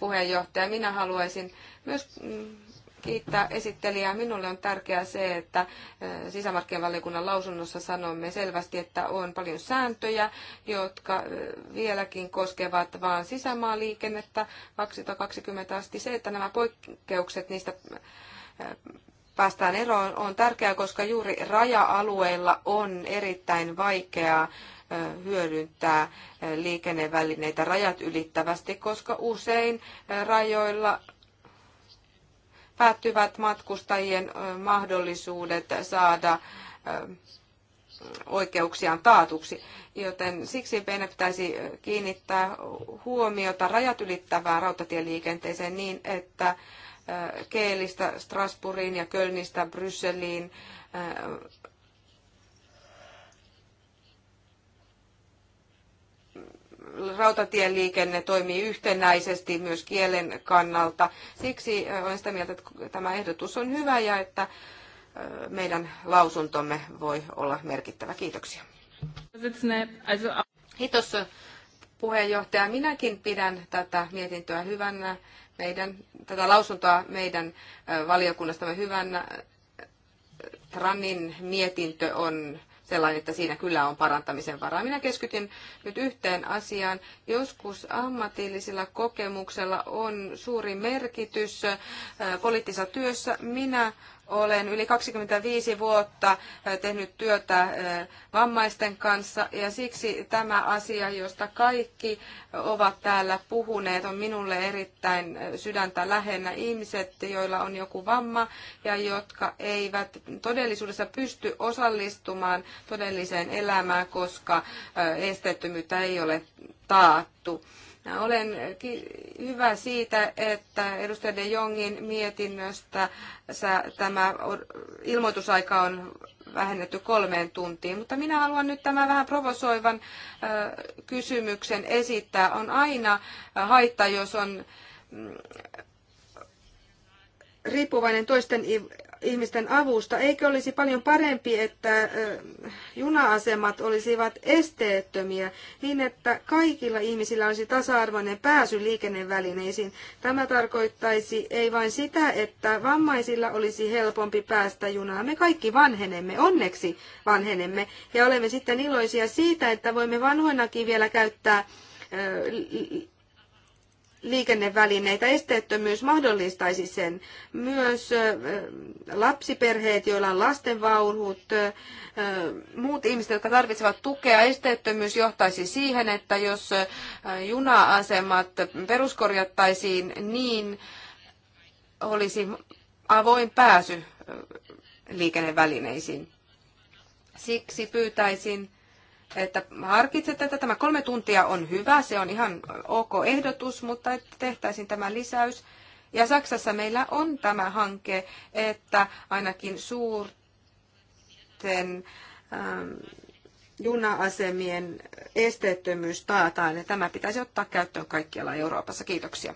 Speaker 1: puheenjohtaja. Minä haluaisin myös mm, kiittää esittelijää. Minulle on tärkeää se, että sisämarkkinavaliokunnan lausunnossa sanomme selvästi, että on paljon sääntöjä, jotka vieläkin koskevat vain sisämaaliikennettä 2020 asti. Se, että nämä poikkeukset niistä päästään eroon on tärkeää, koska juuri raja-alueilla on erittäin vaikeaa hyödyntää liikennevälineitä rajat ylittävästi, koska usein rajoilla päättyvät matkustajien mahdollisuudet saada oikeuksiaan taatuksi. Joten siksi meidän pitäisi kiinnittää huomiota rajat ylittävään rautatieliikenteeseen niin, että Keelistä Strasbourgiin ja Kölnistä Brysseliin rautatieliikenne toimii yhtenäisesti myös kielen kannalta. Siksi olen sitä mieltä, että tämä ehdotus on hyvä ja että meidän lausuntomme voi olla merkittävä. Kiitoksia. Kiitos puheenjohtaja. Minäkin pidän tätä mietintöä hyvänä, meidän, tätä lausuntoa meidän valiokunnastamme hyvänä. Tranin mietintö on sellainen, että siinä kyllä on parantamisen varaa. Minä keskityn nyt yhteen asiaan. Joskus ammatillisella kokemuksella on suuri merkitys äh, poliittisessa työssä. Minä olen yli 25 vuotta tehnyt työtä vammaisten kanssa ja siksi tämä asia, josta kaikki ovat täällä puhuneet, on minulle erittäin sydäntä lähennä. Ihmiset, joilla on joku vamma ja jotka eivät todellisuudessa pysty osallistumaan todelliseen elämään, koska esteettömyyttä ei ole taattu olen hyvä siitä, että edustaja De Jongin mietinnöstä tämä ilmoitusaika on vähennetty kolmeen tuntiin, mutta minä haluan nyt tämän vähän provosoivan kysymyksen esittää. On aina haitta, jos on mm, riippuvainen toisten ihmisten avusta. Eikö olisi paljon parempi, että juna-asemat olisivat esteettömiä niin, että kaikilla ihmisillä olisi tasa-arvoinen pääsy liikennevälineisiin? Tämä tarkoittaisi ei vain sitä, että vammaisilla olisi helpompi päästä junaan. Me kaikki vanhenemme, onneksi vanhenemme, ja olemme sitten iloisia siitä, että voimme vanhoinakin vielä käyttää liikennevälineitä. Esteettömyys mahdollistaisi sen. Myös lapsiperheet, joilla on lastenvaunut, muut ihmiset, jotka tarvitsevat tukea. Esteettömyys johtaisi siihen, että jos juna-asemat peruskorjattaisiin, niin olisi avoin pääsy liikennevälineisiin. Siksi pyytäisin että harkitsette tätä. Tämä kolme tuntia on hyvä, se on ihan ok ehdotus, mutta että tehtäisiin tämä lisäys. Ja Saksassa meillä on tämä hanke, että ainakin suurten ähm, juna-asemien esteettömyys taataan, ja tämä pitäisi ottaa käyttöön kaikkialla Euroopassa. Kiitoksia.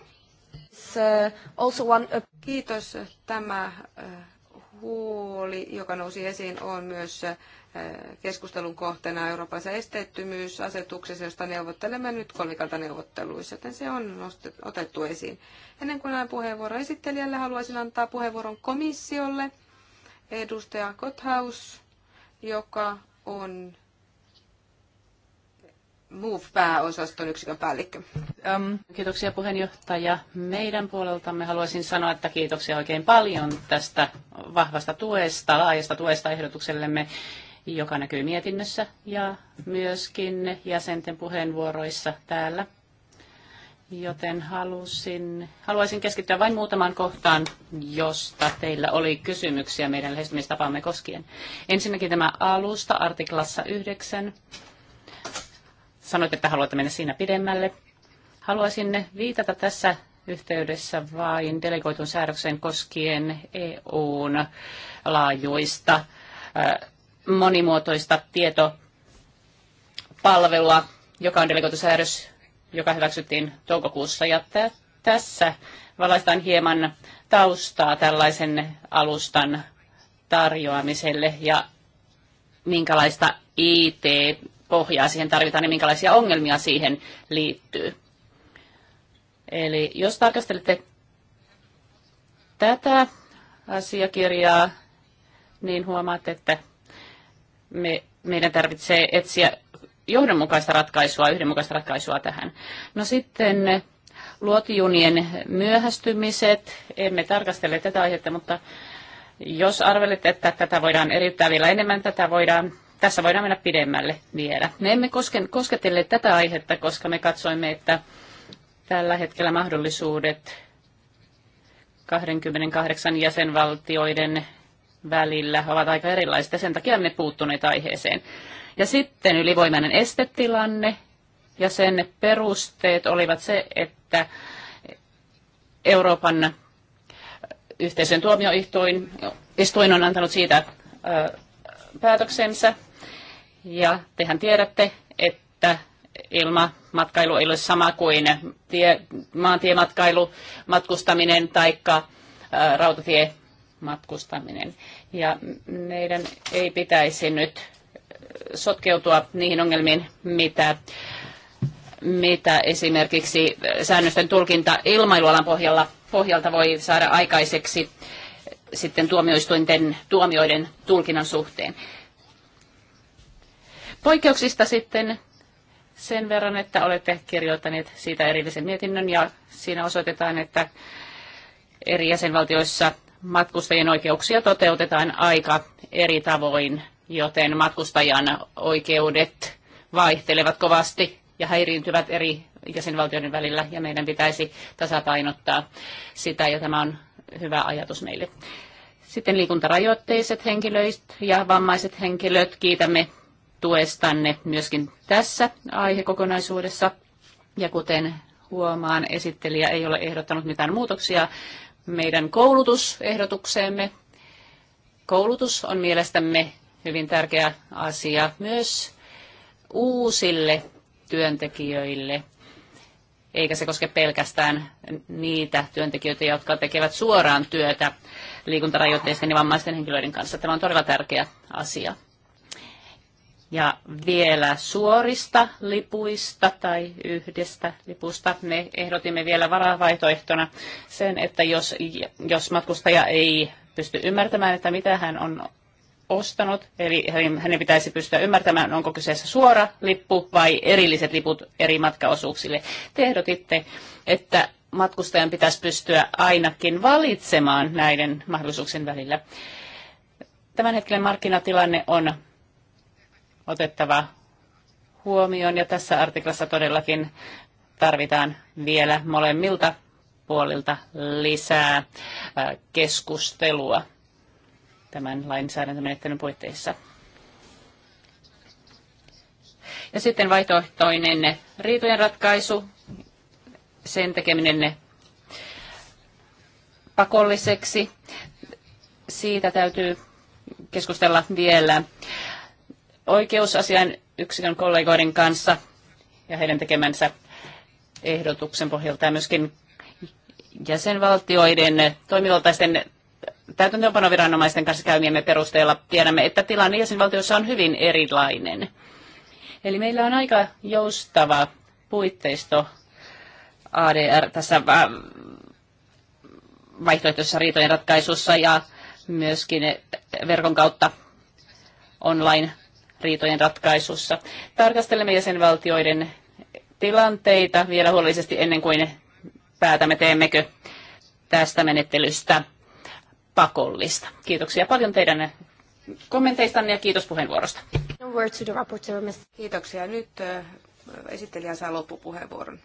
Speaker 1: Uh, uh, Kiitos. Tämä äh, huoli, joka nousi esiin, on myös keskustelun kohteena Euroopassa esteettömyysasetuksessa, josta neuvottelemme nyt kolmikantaneuvotteluissa, joten se on otettu esiin. Ennen kuin annan puheenvuoro esittelijälle, haluaisin antaa puheenvuoron komissiolle, edustaja Kothaus, joka on MOVE-pääosaston yksikön
Speaker 4: päällikkö. Ähm, kiitoksia puheenjohtaja. Meidän puoleltamme haluaisin sanoa, että kiitoksia oikein paljon tästä vahvasta tuesta, laajasta tuesta ehdotuksellemme joka näkyy mietinnössä ja myöskin jäsenten puheenvuoroissa täällä. Joten halusin, haluaisin keskittyä vain muutamaan kohtaan, josta teillä oli kysymyksiä meidän lähestymistapaamme koskien. Ensinnäkin tämä alusta artiklassa 9. Sanoit, että haluatte mennä siinä pidemmälle. Haluaisin viitata tässä yhteydessä vain delegoitun säädöksen koskien EUn laajuista monimuotoista tietopalvelua, joka on delegoitusäädös, joka hyväksyttiin toukokuussa. Ja tässä valaistaan hieman taustaa tällaisen alustan tarjoamiselle ja minkälaista IT-pohjaa siihen tarvitaan ja minkälaisia ongelmia siihen liittyy. Eli jos tarkastelette tätä asiakirjaa, niin huomaatte, että me, meidän tarvitsee etsiä johdonmukaista ratkaisua, yhdenmukaista ratkaisua tähän. No sitten eh, luotijunien myöhästymiset, emme tarkastele tätä aihetta, mutta jos arvelet, että tätä voidaan eriyttää vielä enemmän, tätä voidaan, tässä voidaan mennä pidemmälle vielä. Me emme koske, kosketelle tätä aihetta, koska me katsoimme, että tällä hetkellä mahdollisuudet 28 jäsenvaltioiden välillä ovat aika erilaiset ja sen takia ne puuttuneet aiheeseen. Ja sitten ylivoimainen estetilanne ja sen perusteet olivat se, että Euroopan yhteisön tuomioistuin on antanut siitä päätöksensä. Ja tehän tiedätte, että ilmamatkailu ei ole sama kuin tie, maantiematkailu, matkustaminen tai rautatie matkustaminen. Ja meidän ei pitäisi nyt sotkeutua niihin ongelmiin, mitä mitä esimerkiksi säännösten tulkinta ilmailualan pohjalla, pohjalta voi saada aikaiseksi sitten tuomioistuinten tuomioiden tulkinnan suhteen. Poikkeuksista sitten sen verran, että olette kirjoittaneet siitä erillisen mietinnön ja siinä osoitetaan, että eri jäsenvaltioissa matkustajien oikeuksia toteutetaan aika eri tavoin, joten matkustajan oikeudet vaihtelevat kovasti ja häiriintyvät eri jäsenvaltioiden välillä ja meidän pitäisi tasapainottaa sitä ja tämä on hyvä ajatus meille. Sitten liikuntarajoitteiset henkilöt ja vammaiset henkilöt, kiitämme tuestanne myöskin tässä aihekokonaisuudessa. Ja kuten huomaan, esittelijä ei ole ehdottanut mitään muutoksia meidän koulutusehdotukseemme. Koulutus on mielestämme hyvin tärkeä asia myös uusille työntekijöille, eikä se koske pelkästään niitä työntekijöitä, jotka tekevät suoraan työtä liikuntarajoitteisten ja vammaisten henkilöiden kanssa. Tämä on todella tärkeä asia. Ja vielä suorista lipuista tai yhdestä lipusta me ehdotimme vielä varavaihtoehtona sen, että jos, jos matkustaja ei pysty ymmärtämään, että mitä hän on ostanut, eli hänen pitäisi pystyä ymmärtämään, onko kyseessä suora lippu vai erilliset liput eri matkaosuuksille. Te ehdotitte, että matkustajan pitäisi pystyä ainakin valitsemaan näiden mahdollisuuksien välillä. Tämän hetken markkinatilanne on otettava huomioon ja tässä artiklassa todellakin tarvitaan vielä molemmilta puolilta lisää äh, keskustelua tämän lainsäädäntömenettelyn puitteissa. Ja sitten vaihtoehtoinen riitojen ratkaisu, sen tekeminen pakolliseksi. Siitä täytyy keskustella vielä oikeusasian yksikön kollegoiden kanssa ja heidän tekemänsä ehdotuksen pohjalta ja myöskin jäsenvaltioiden toimivaltaisten täytäntöönpanoviranomaisten kanssa käymiemme perusteella tiedämme, että tilanne jäsenvaltiossa on hyvin erilainen. Eli meillä on aika joustava puitteisto ADR tässä äh, vaihtoehtoisessa riitojen ratkaisussa ja myöskin verkon kautta online riitojen ratkaisussa. Tarkastelemme jäsenvaltioiden tilanteita vielä huolellisesti ennen kuin päätämme, teemmekö tästä menettelystä pakollista. Kiitoksia paljon teidän kommenteistanne ja kiitos puheenvuorosta.
Speaker 1: Kiitoksia. Nyt esittelijä saa loppupuheenvuoron.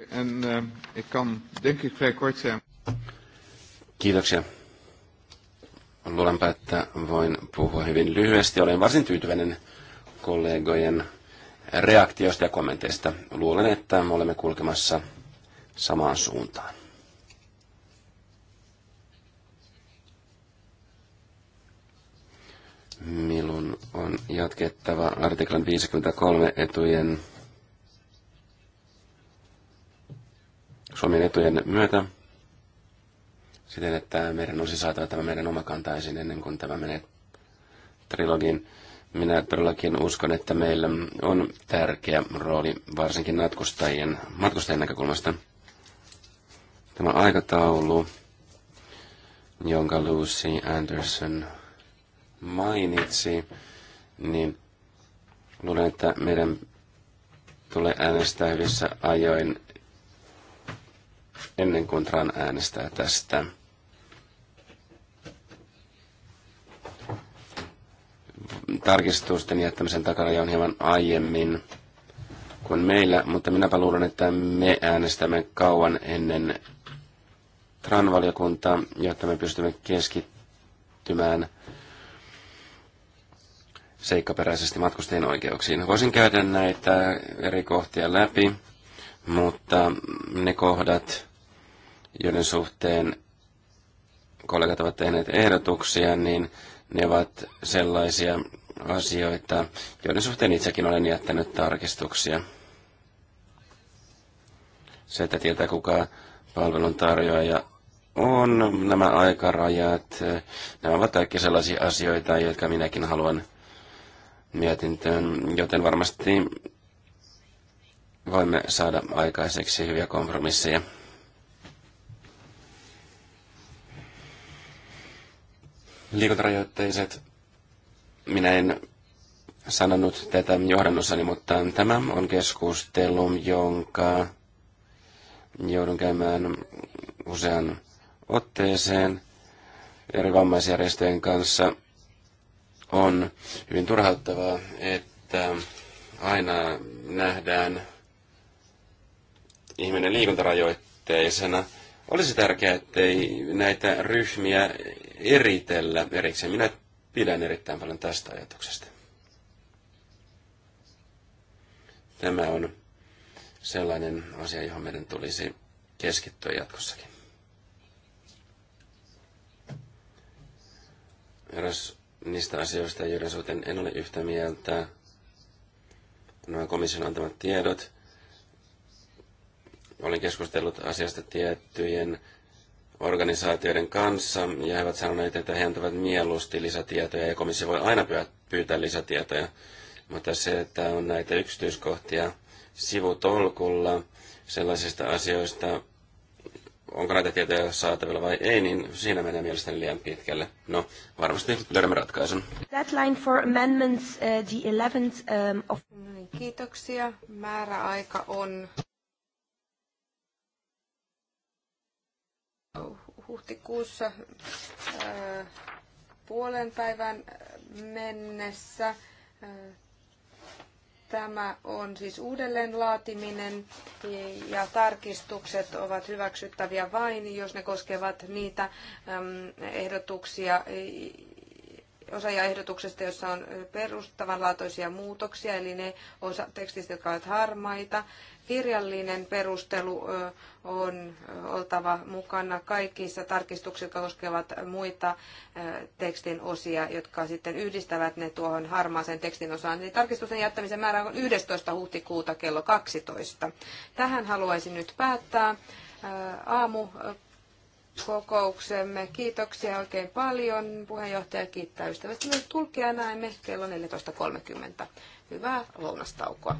Speaker 2: uh, Kiitoksia. Luulenpa, että voin puhua hyvin lyhyesti. Olen varsin tyytyväinen kollegojen reaktioista ja kommenteista. Luulen, että me olemme kulkemassa samaan suuntaan. Milun on jatkettava artiklan 53 etujen Suomen etujen myötä siten, että meidän olisi saatava tämä meidän oma kanta esiin ennen kuin tämä menee trilogiin. Minä todellakin uskon, että meillä on tärkeä rooli varsinkin matkustajien, matkustajien näkökulmasta. Tämä aikataulu, jonka Lucy Anderson mainitsi, niin luulen, että meidän tulee äänestää hyvissä ajoin ennen kuin Tran äänestää tästä. tarkistusten jättämisen takana on hieman aiemmin kuin meillä, mutta minäpä luulen, että me äänestämme kauan ennen TRAN-valiokuntaa, jotta me pystymme keskittymään seikkaperäisesti matkustajien oikeuksiin. Voisin käydä näitä eri kohtia läpi, mutta ne kohdat, joiden suhteen kollegat ovat tehneet ehdotuksia, niin ne ovat sellaisia asioita, joiden suhteen itsekin olen jättänyt tarkistuksia. Se, että tietää kuka palvelun tarjoaja on, nämä aikarajat, nämä ovat kaikki sellaisia asioita, jotka minäkin haluan mietintöön, joten varmasti voimme saada aikaiseksi hyviä kompromisseja. liikuntarajoitteiset. Minä en sanonut tätä johdannossani, mutta tämä on keskustelu, jonka joudun käymään usean otteeseen eri vammaisjärjestöjen kanssa. On hyvin turhauttavaa, että aina nähdään ihminen liikuntarajoitteisena. Olisi tärkeää, että näitä ryhmiä eritellä erikseen. Minä pidän erittäin paljon tästä ajatuksesta. Tämä on sellainen asia, johon meidän tulisi keskittyä jatkossakin. Eräs niistä asioista, joiden suhteen en ole yhtä mieltä, nämä komission antamat tiedot. Olen keskustellut asiasta tiettyjen organisaatioiden kanssa, ja he ovat sanoneet, että he antavat mieluusti lisätietoja, ja komissio voi aina pyytää lisätietoja. Mutta se, että on näitä yksityiskohtia sivutolkulla sellaisista asioista, onko näitä tietoja saatavilla vai ei, niin siinä menee mielestäni liian pitkälle. No, varmasti löydämme ratkaisun.
Speaker 1: Deadline for amendments, uh,
Speaker 2: the 11th um, of...
Speaker 1: Kiitoksia. Määräaika on huhtikuussa äh, puolen päivän mennessä. Äh, tämä on siis uudelleen laatiminen ja tarkistukset ovat hyväksyttäviä vain, jos ne koskevat niitä ehdotuksia, osajaehdotuksesta, jossa on perustavanlaatuisia muutoksia, eli ne osa tekstistä, jotka ovat harmaita. Kirjallinen perustelu on oltava mukana kaikissa tarkistuksissa, jotka koskevat muita tekstin osia, jotka sitten yhdistävät ne tuohon harmaaseen tekstin osaan. Eli tarkistusten jättämisen määrä on 11. huhtikuuta kello 12. Tähän haluaisin nyt päättää aamu kokouksemme. Kiitoksia oikein paljon. Puheenjohtaja kiittää ystävästi myös tulkkia. Näemme kello 14.30. Hyvää lounastaukoa.